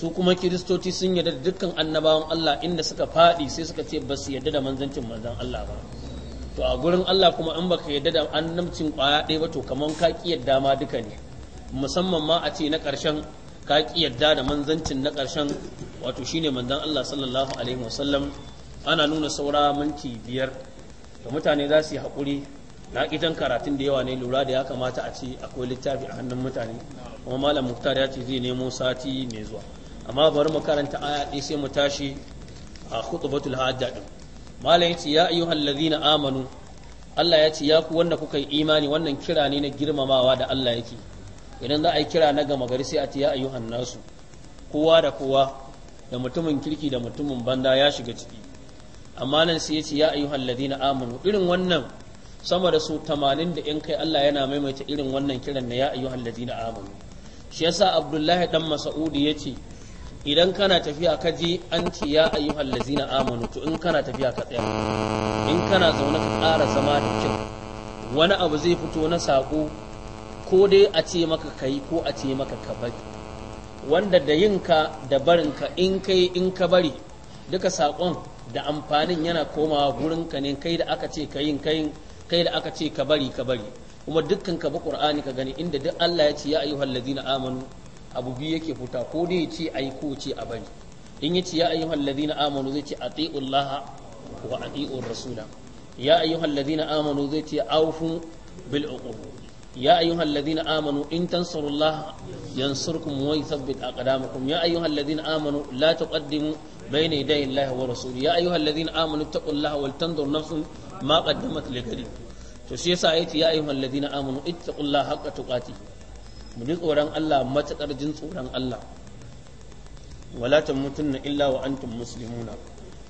su kuma kiristoci sun yarda da dukkan annabawan Allah inda suka faɗi sai suka ce ba su yarda da manzancin manzan Allah ba to a gurin Allah kuma in baka yarda da annabcin kwaya ɗaya ba to kaman ka ki yarda ma duka ne musamman ma a ce na ƙarshen ka ki yarda da manzancin na ƙarshen wato shine manzan Allah sallallahu alaihi wasallam ana nuna saura minti biyar da mutane za su yi haƙuri na kitan karatun da yawa ne lura da ya kamata a ce akwai littafi a hannun mutane kuma malam muktar ya ce zai nemo sati mai zuwa amma bari mu karanta aya ɗaya sai mu tashi a khutbatul hajja din malam yace ya ayyuhal ladhina amanu Allah ya ce ya ku wanda kuka yi imani wannan kira ne na girmamawa da Allah yake idan za a yi kira na gama gari sai a ce ya ayyuhan nasu kowa da kowa da mutumin kirki da mutumin banda ya shiga ciki amma nan sai ya ce ya ayyuhan amanu irin wannan sama da su tamanin da in kai Allah yana maimaita irin wannan kiran na ya ayyuhan ladina amanu shi yasa Abdullahi dan Mas'ud yace idan kana tafiya ka je an ce ya ayyuhal lazina amanu to in kana tafiya ka tsaya in kana zaune ka ƙara zama da kyau wani abu zai fito na sako, ko dai a ce maka kai ko a ce maka ka bari wanda da yinka da barinka in kai in ka bari duka saƙon da amfanin yana komawa gurinka ne kai da aka ce ka yin kai da aka ce ka bari ka bari kuma dukkan ka bi qur'ani ka gani inda duk Allah ya ce ya ayyuhal amanu abu biyu yake fita ko dai ya ce ai ko ce a bari in yace ya ayyuhal ladina amanu zai ce atiullaha wa atiur rasula ya ayyuhal ladina amanu zai ce aufu bil uqub ya ayyuhal ladina amanu in tansurullaha yansurkum wa yuthabbit aqdamakum ya ayyuhal ladina amanu la tuqaddimu bayna yaday Allahi wa rasuli ya ayyuhal ladina amanu taqullaha wal tanzur nafsun ma qaddamat lighadin to shi yasa yace ya ayyuhal ladina amanu ittaqullaha haqqa tuqatih mu ji tsoron Allah matakar jin tsoron Allah mutum na illa wa antum muslimuna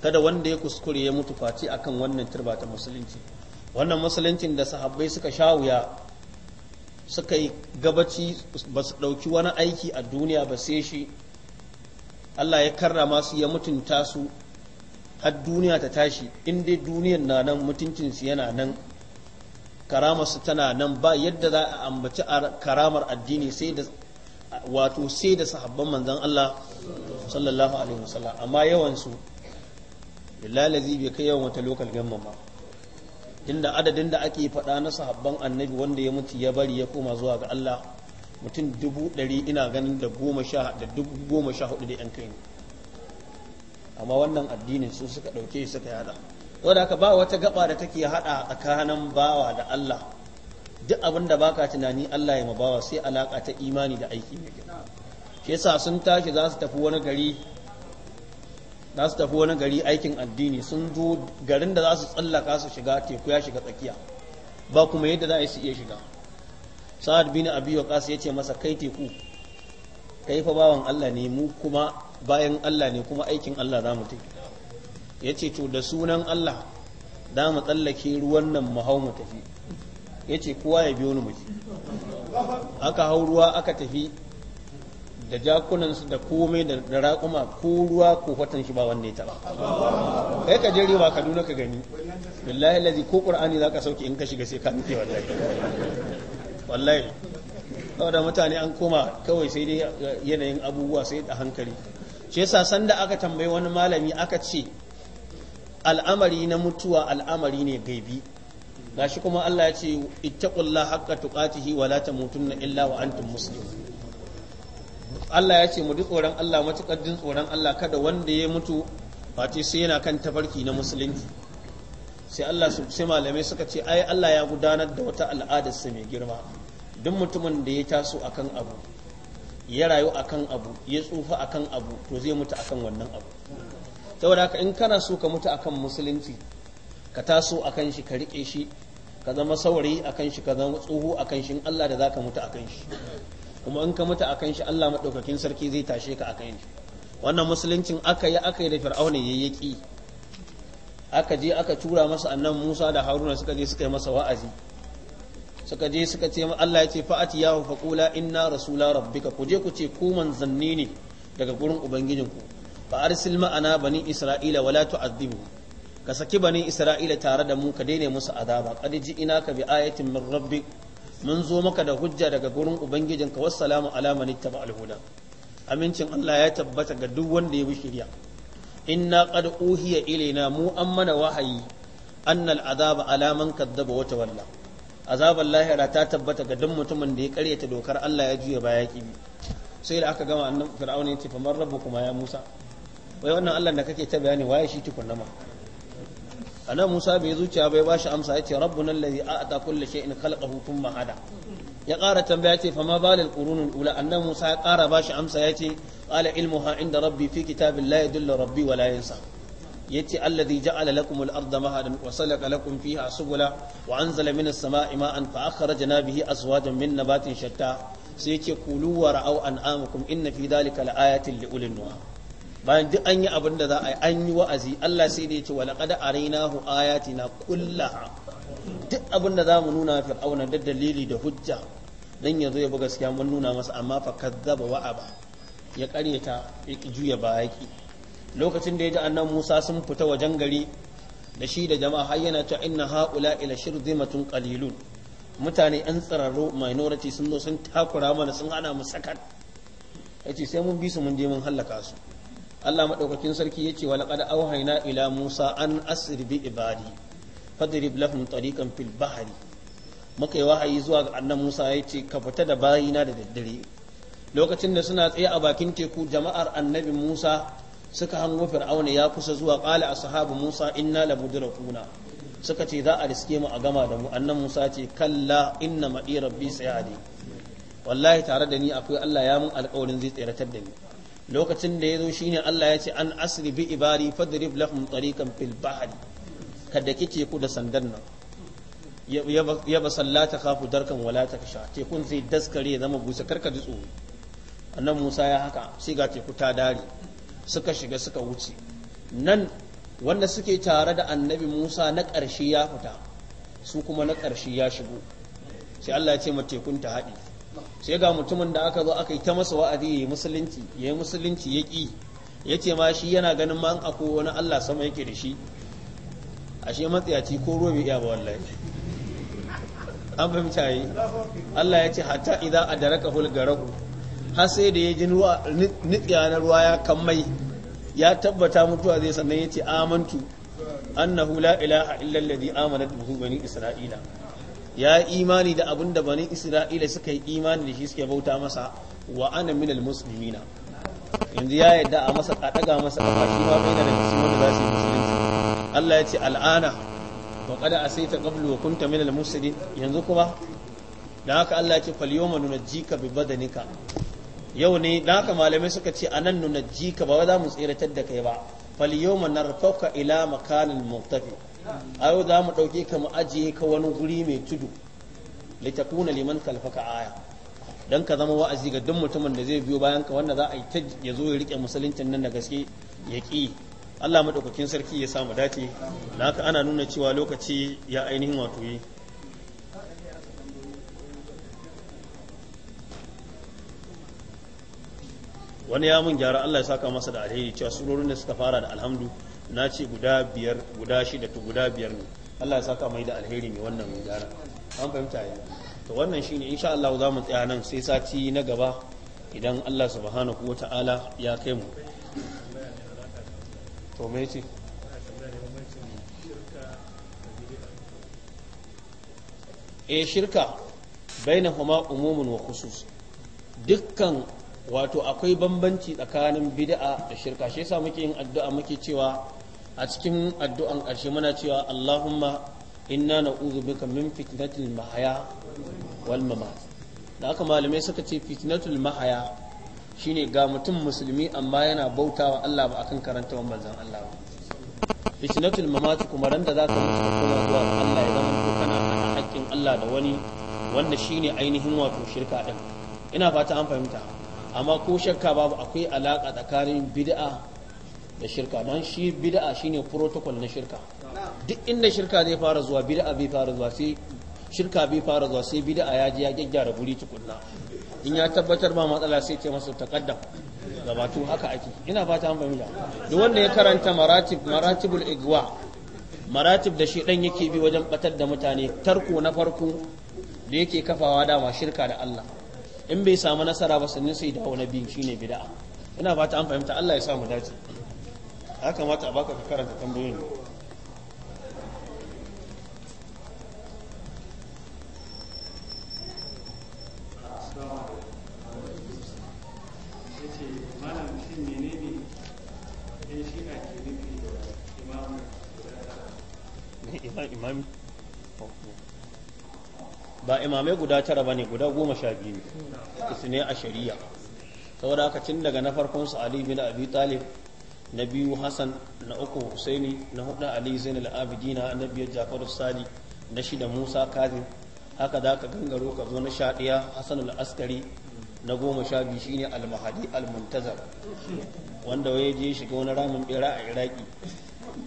kada wanda ya kuskure ya mutu face akan wannan turba musulunci wannan musuluncin da sahabbai suka sha wuya suka yi gabaci ba su ɗauki wani aiki a duniya ba sai shi Allah ya karrama su ya mutunta su har duniya ta tashi in dai duniyar na nan mutuncinsu yana nan karamarsu tana nan ba yadda za a ambaci karamar addini sai da wato sai da sahabban manzan Allah sallallahu alaihi wasallam amma yawansu lalazi bai kai yawan wata lokal gamma ba inda adadin da ake faɗa na sahabban annabi wanda ya mutu ya bari ya koma zuwa ga Allah mutum dubu ɗari ina ganin da goma sha da dubu goma sha hudu da yan kai amma wannan addinin su suka ɗauke suka yada wadda aka ba wata gaba da take hada tsakanin bawa da Allah duk abin da baka tunani Allah ya mabawa sai alaka ta imani da aiki gina shi yasa sun tashi za su tafi wani gari za su tafi wani gari aikin addini sun zo garin da za su tsallaka su shiga teku ya shiga tsakiya ba kuma yadda za a su iya shiga sa'ad bin abi waqas ya ce masa kai teku kai fa bawan Allah ne mu kuma bayan Allah ne kuma aikin Allah za mu tafi ya ce to da sunan Allah da mu tsallake ruwan nan mu hau mu tafi ya ce kowa ya biyo ni muji aka hau ruwa aka tafi da jakunansu da komai da raƙuma ko ruwa ko watan shi ba wanne ya taba kai ka je riba kaduna ka gani billahi lazi ko qur'ani za ka sauke in ka shiga sai ka nufi wallahi wallahi saboda mutane an koma kawai sai dai yanayin abubuwa sai da hankali shi yasa sanda aka tambayi wani malami aka ce al'amari na mutuwa al'amari ne gaibi Ga shi kuma Allah ya ce ittaqullaha haqqa tuqatihi wa la tamutunna illa wa antum muslimun Allah ya ce mu ji tsoron Allah matukar jin tsoron Allah kada wanda ya mutu face sai yana kan tafarki na musulunci sai Allah sai malamai suka ce ai Allah ya gudanar da wata al'adarsa sa mai girma duk mutumin da ya taso akan abu ya rayu akan abu ya tsufa akan abu to zai mutu akan wannan abu saboda haka in kana so ka mutu akan musulunci ka taso akan shi ka rike shi ka zama saurayi akan shi ka zama tsoho akan shi in Allah da zaka mutu akan shi kuma in ka mutu akan shi Allah madaukakin sarki zai tashe ka akan shi wannan musuluncin aka yi aka yi da fir'auna yayyaki aka je aka tura masa annan Musa da Haruna suka je suka yi masa wa'azi suka je suka ce ma Allah ya ce fa'ati yahu faqula inna rasula rabbika ku je ku ce ku manzanni ne daga gurin ubangijinku ba arsil ma'ana bani isra'ila wala tu'adhibu ka saki bani isra'ila tare da mu ka daina musu azaba qad ina ka bi ayatin min rabbik mun zo maka da hujja daga gurin ubangijinka wassalamu ala man ittaba al-huda amincin Allah ya tabbata ga duk wanda ya bi shirya inna qad uhiya ilaina mu an mana wahayi annal azaba ala man kadzaba wa tawalla azabar lahira ta tabbata ga duk mutumin da ya karyata dokar Allah ya juya baya kibi sai da aka gama annabi fir'auna ya ce fa man rabbukuma ya musa wai wannan Allah da kake ta bayani waye shi tukunna ma anan Musa bai zuciya bai bashi amsa yace rabbuna allazi a'ata kulli shay'in khalaqahu thumma hada ya ƙara tambaya ce fama balil qurunul ula annan Musa ya ƙara bashi amsa yace qala ilmuha inda rabbi fi kitabin la yadullu rabbi wa la yansa yace alladhi ja'ala lakum al-ardha mahadan wa salaka lakum fiha subula wa anzala minas sama'i ma'an fa akhrajna bihi azwajan min nabatin shatta sai yace kulu wa ra'aw an'amukum inna fi dhalika la'ayatin li ulil nuha bayan duk an yi abin da za a yi an yi wa'azi Allah sai da ya ce walaƙada a rainahu na kullaha duk abin da za mu nuna auna, da dalili da hujja dan yanzu ya bi gaskiya mun nuna masa amma fa kazzaba wa aba ya karyata ya juya baki lokacin da ya ji annan Musa sun fita wajen gari da shi da jama'a har yana ta inna haula ila shirzimatun qalilun mutane yan tsararro minority sun zo sun takura mana sun hana mu sakat yace sai mun bi su mun je mun hallaka su Allah madaukakin sarki ce wa laqad auhaina ila Musa an asri bi ibadi fadrib lahum tariqan fil bahri muka yi wahayi zuwa ga annan Musa ce ka fita da bayina da daddare lokacin da suna tsaye a bakin teku jama'ar annabi Musa suka hango fir'auna ya kusa zuwa qala ashabu Musa inna lamudrakuna suka ce za a riske mu a gama da mu annan Musa ce kalla inna ma'i rabbi sayadi wallahi tare da ni akwai Allah ya mun alƙawarin zai tseratar da ni lokacin da ya zo shine Allah ya ce an asri bi ibari fadrib lahum tariqan fil bahri kada kike ku da sandan nan ya ba sallata khafu darkan wala taksha tekun zai daskare zama busa karka ji tsoro annan Musa ya haka sai ga teku ta dare suka shiga suka wuce nan wanda suke tare da annabi Musa na ƙarshe ya fita su kuma na ƙarshe ya shigo sai Allah ya ce ma tekun ta haɗi sai ga mutumin da aka zo aka yi ta masa wa'azi ya yi musulunci ya yi musulunci ya ƙi ya ce ma shi yana ganin ma ako wani Allah sama yake da shi ashe matsiyaci ko ruwa bai iya ba wallahi an fahimta yi Allah ya ce hatta idan a daraka hulgaraku har sai da ya ji nitsiya na ruwa ya kammai ya tabbata mutuwa zai sannan ya ce amantu annahu la ilaha illa alladhi amanat bihi bani isra'ila ya yi imani da abin da bani isra'ila suka yi imani da shi suke bauta masa wa ana minal muslimina yanzu ya yadda a masa a daga masa ƙafa shi ma bai da su wanda za su yi musulunci Allah ya ce al'ana wa qad asaita qablu wa kunta minal muslimin yanzu kuma da haka Allah ya ce fal yawma nunajjika bi badanika yau ne da haka malamai suka ce anan nunajjika ba za mu tsiratar da kai ba fal yawma narfaka ila makanin muqtafi a yau za mu ɗauke ka mu ajiye ka wani guri mai tudu litakuna liman kalfaka aya dan ka zama wa'azi ga duk mutumin da zai biyo bayan ka wanda za a yi ta ya zo ya rike musuluncin nan da gaske ya ki Allah madaukakin sarki ya samu dace da haka ana nuna cewa lokaci ya ainihin wato yi wani ya mun gyara Allah ya saka masa da alheri cewa surorin da suka fara da alhamdu na ce guda biyar guda shida to guda biyar ne Allah ya saka mai da alheri mai wannan mai gara an fahimta ya to wannan shine insha Allah za mu tsaya nan sai sati na gaba idan Allah subhanahu wata'ala ya kai mu to me ce e eh, shirka bainahuma umumun wa khusus dukkan wato akwai bambanci tsakanin bid'a da shirka shi yasa muke yin addu'a muke cewa a cikin addu'an ƙarshe muna cewa Allahumma inna na'udhu bika min fitnatul mahaya wal mamat da aka malamai suka ce fitnatul mahaya shine ga mutum musulmi amma yana bautawa Allah ba akan wa manzon Allah ba fitnatul mamat kuma ran da su mutu kuma zuwa Allah ya zama ko kana hana haƙƙin Allah da wani wanda shine ainihin wato shirka din ina fata an fahimta amma ko shakka babu akwai alaka tsakanin bid'a da shirka don shi bid'a shine protocol na shirka duk inda shirka zai fara zuwa bid'a bai fara zuwa sai shirka bai fara zuwa sai bid'a ya je ya gyaggyara guri tukunna in ya tabbatar ba matsala sai ce masa takaddam gabatu haka ake ina fata an fahimta duk wanda ya karanta maratib maratibul igwa maratib da shi dan yake bi wajen batar da mutane tarko na farko da yake kafawa dama shirka da Allah in bai samu nasara ba sannan sai dawo na biyu shine bid'a ina fata an fahimta Allah ya samu dace ya kamata a baka ka karanta tambayoyin ba imamai guda tara ba ne guda goma sha biyu ne su ne a shari'a saboda haka cin daga na farkon su ali bin abi talib na biyu Hassan na uku Husaini na hudu Ali Zainal Abidina na biyar Jafaru sadi na shida Musa kazin haka da ka gangaro ka zo na sha ɗaya Hassan al'askari askari na goma sha biyu shine al almuntazar al-Muntazar wanda waye je shiga wani ramin bera a Iraki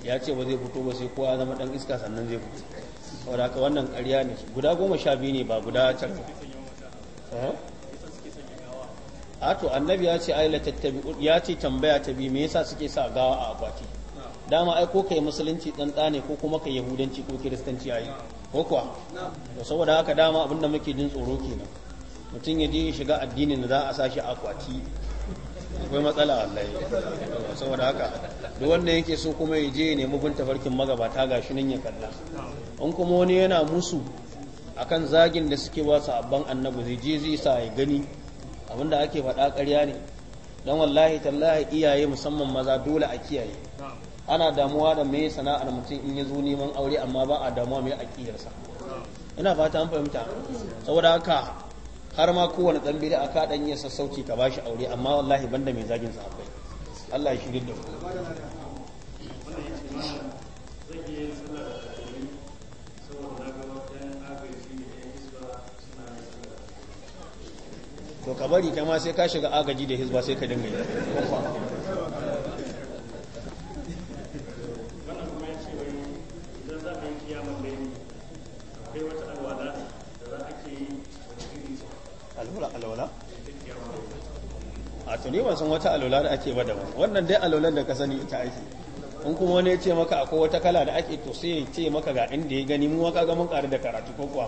ya ce ba zai fito ba sai kowa zama dan iska sannan zai fito saboda haka wannan ƙarya ne guda goma sha biyu ne ba guda tara a to annabi ya ce ai la ya ce tambaya ta bi me yasa suke sa gawa a akwati dama ai ko kai musulunci dan ne ko kuma kai yahudanci ko kiristanci yayi ko kuwa to saboda haka dama abinda muke jin tsoro kenan mutum ya je shiga addinin da za a sashi akwati akwai matsala wallahi saboda haka duk wanda yake so kuma ya je ya nemi bin tafarkin magabata gashi nan ya kalla in kuma wani yana musu akan zagin da suke wasu abban annabi zai je zai sa ya gani abinda ake faɗa ƙarya ne Don wallahi tallahi iyaye musamman maza dole a kiyaye ana damuwa da me sana'ar mutum in ya zo neman aure amma ba a damuwa mai aƙiyarsa. ina fata an fahimta saboda haka har ma kowane ɗan biri aka dan sassauci ka ba shi aure amma wallahi banda mai zagin sa akwai Allah ya shirin da ku to ka bari kai ma sai ka shiga agaji da hizba sai ka dinga yi alwala a tuni ban wata alola da ake ba daban wannan dai alwalan da ka sani ita ake in kuma wani ya ce maka akwai wata kala da ake to sai ya ce maka ga inda ya gani mu waka ga mun ƙari da karatu ko kuwa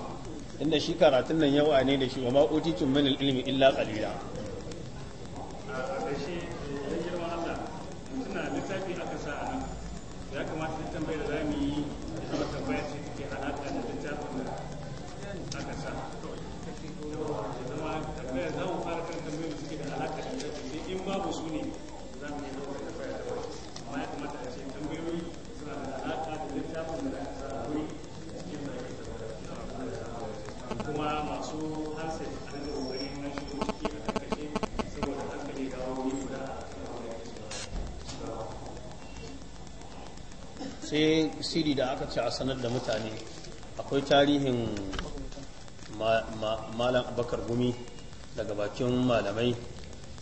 inda shi karatun nan yawa ne da shi wa ma utitum min ilmi illa qalila tasiri da aka ce a sanar da mutane akwai tarihin malam abakar gumi daga bakin malamai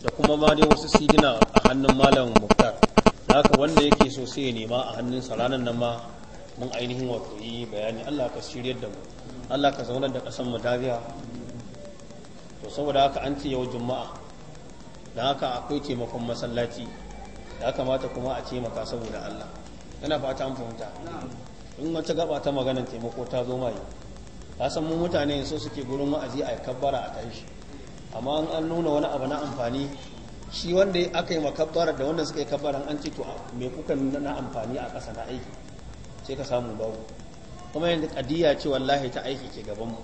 da kuma ma dai wasu sidina a hannun malam muktar da haka wanda yake so sai ya nema a hannunsa ranar nan ma mun ainihin wato yi bayani allah ka shiryar da mu allah ka zaunar da ƙasar mu dariya to saboda haka an ce yau juma'a da haka akwai taimakon masallaci haka kamata kuma a taimaka saboda allah ina fata an fahimta in wata gaba ta maganar taimako ta zo mai ka san mu mutane so suke gurin wa'azi a kabbara a tashi amma an an nuna wani abu na amfani shi wanda aka yi makabbara da wanda suka yi kabbara an ce to ah, me kuka na amfani a ƙasa na aiki sai ka samu babu kuma yanzu kadiya ce wallahi ta aiki ke gaban mu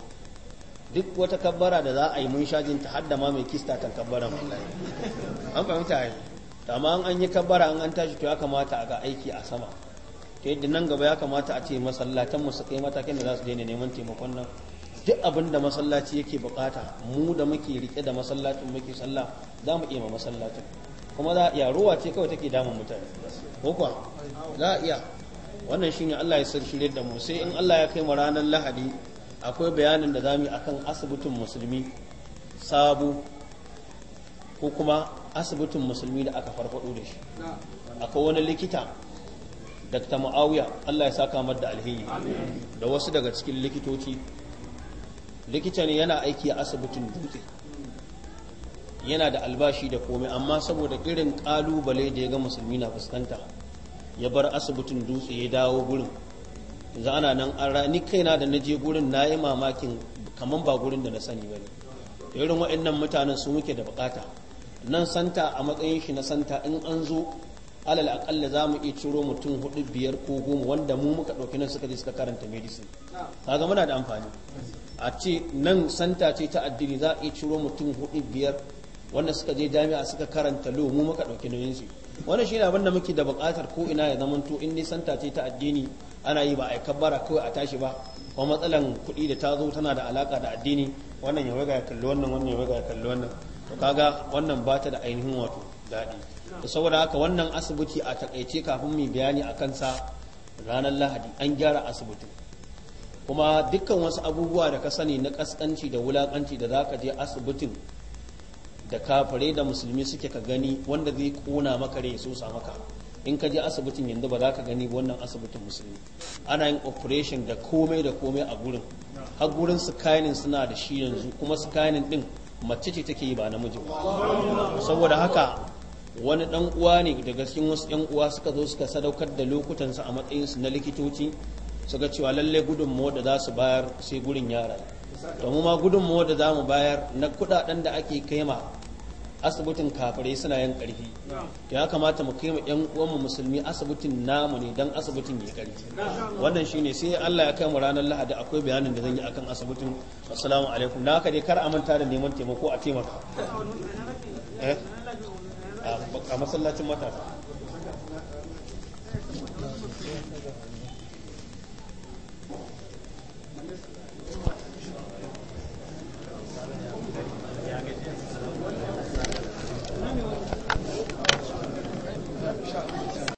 duk wata kabbara da za a yi mun shajin ta hadda ma mai kista kan kabbara wallahi an fahimta ai amma an yi kabbara an an tashi to ya kamata a ga aiki a sama ta yadda nan gaba ya kamata a ce masallatan mu su kai matakin da za su daina neman taimakon nan duk abin da masallaci yake bukata mu da muke rike da masallacin muke sallah za mu iya masallacin kuma za a iya ruwa ce kawai take damun mutane ko kuwa za a iya wannan shine Allah ya san shirye da mu sai in Allah ya kai mu ranar Lahadi akwai bayanin da zamu akan asibitin musulmi sabu ko kuma asibitin musulmi da aka farfado da shi akwai wani likita Dr. Muawiya Allah ya saka mar da alheri da wasu daga cikin likitoci likita ne yana aiki a asibitin dutse yana da albashi da komai amma saboda irin kalubale da ya ga musulmi na fuskanta ya bar asibitin dutse ya dawo gurin za ana nan an rani kaina da na je gurin na yi mamakin kamar ba gurin da na sani ba ne irin waɗannan mutanen su muke da bukata nan santa a matsayin shi na santa in an zo alal akalla za mu iya ciro mutum hudu biyar ko goma wanda mu muka ɗauki nan suka je suka karanta medicine kaga muna da amfani a ce nan santa ce ta addini za a iya ciro mutum hudu biyar wanda suka je jami'a suka karanta lo mu muka ɗauki nauyin su wannan shine abin da muke da buƙatar ko ina ya to in ne santa ce ta addini ana yi ba a kabbara kawai a tashi ba kuma matsalan kuɗi da ta zo tana da alaka da addini wannan ya waga ya kalli wannan wannan ya waga ya kalli wannan to kaga wannan ba ta da ainihin wato daɗi saboda haka wannan asibiti a takaice kafin mu bayani a kansa ranar lahadi an gyara asibitin kuma dukkan wasu abubuwa da ka sani na kaskanci da wulakanci da zaka je asibitin da kafare da musulmi suke ka gani wanda zai kona maka rai so sa maka in ka je asibitin yanzu ba za ka gani wannan asibitin musulmi ana yin operation da komai da komai a gurin har gurin scanning suna da shi yanzu kuma scanning din mace ce take yi ba namiji ba saboda haka wani dan uwa ne daga cikin wasu yan uwa suka zo suka sadaukar da lokutansu a matsayin su na likitoci suka cewa lallai gudunmawa da za su bayar sai gurin yara to mu ma gudunmawa da za mu bayar na kudaden da ake kaima asibitin kafirai suna yin karfi ya kamata mu kaima yan uwanmu musulmi asibitin namu ne dan asibitin ya karfi wannan shine sai Allah ya kai mu ranar Lahadi akwai bayanin da zan yi akan asibitin assalamu alaikum na haka dai kar a manta da neman taimako a taimaka eh? a masallacin matasa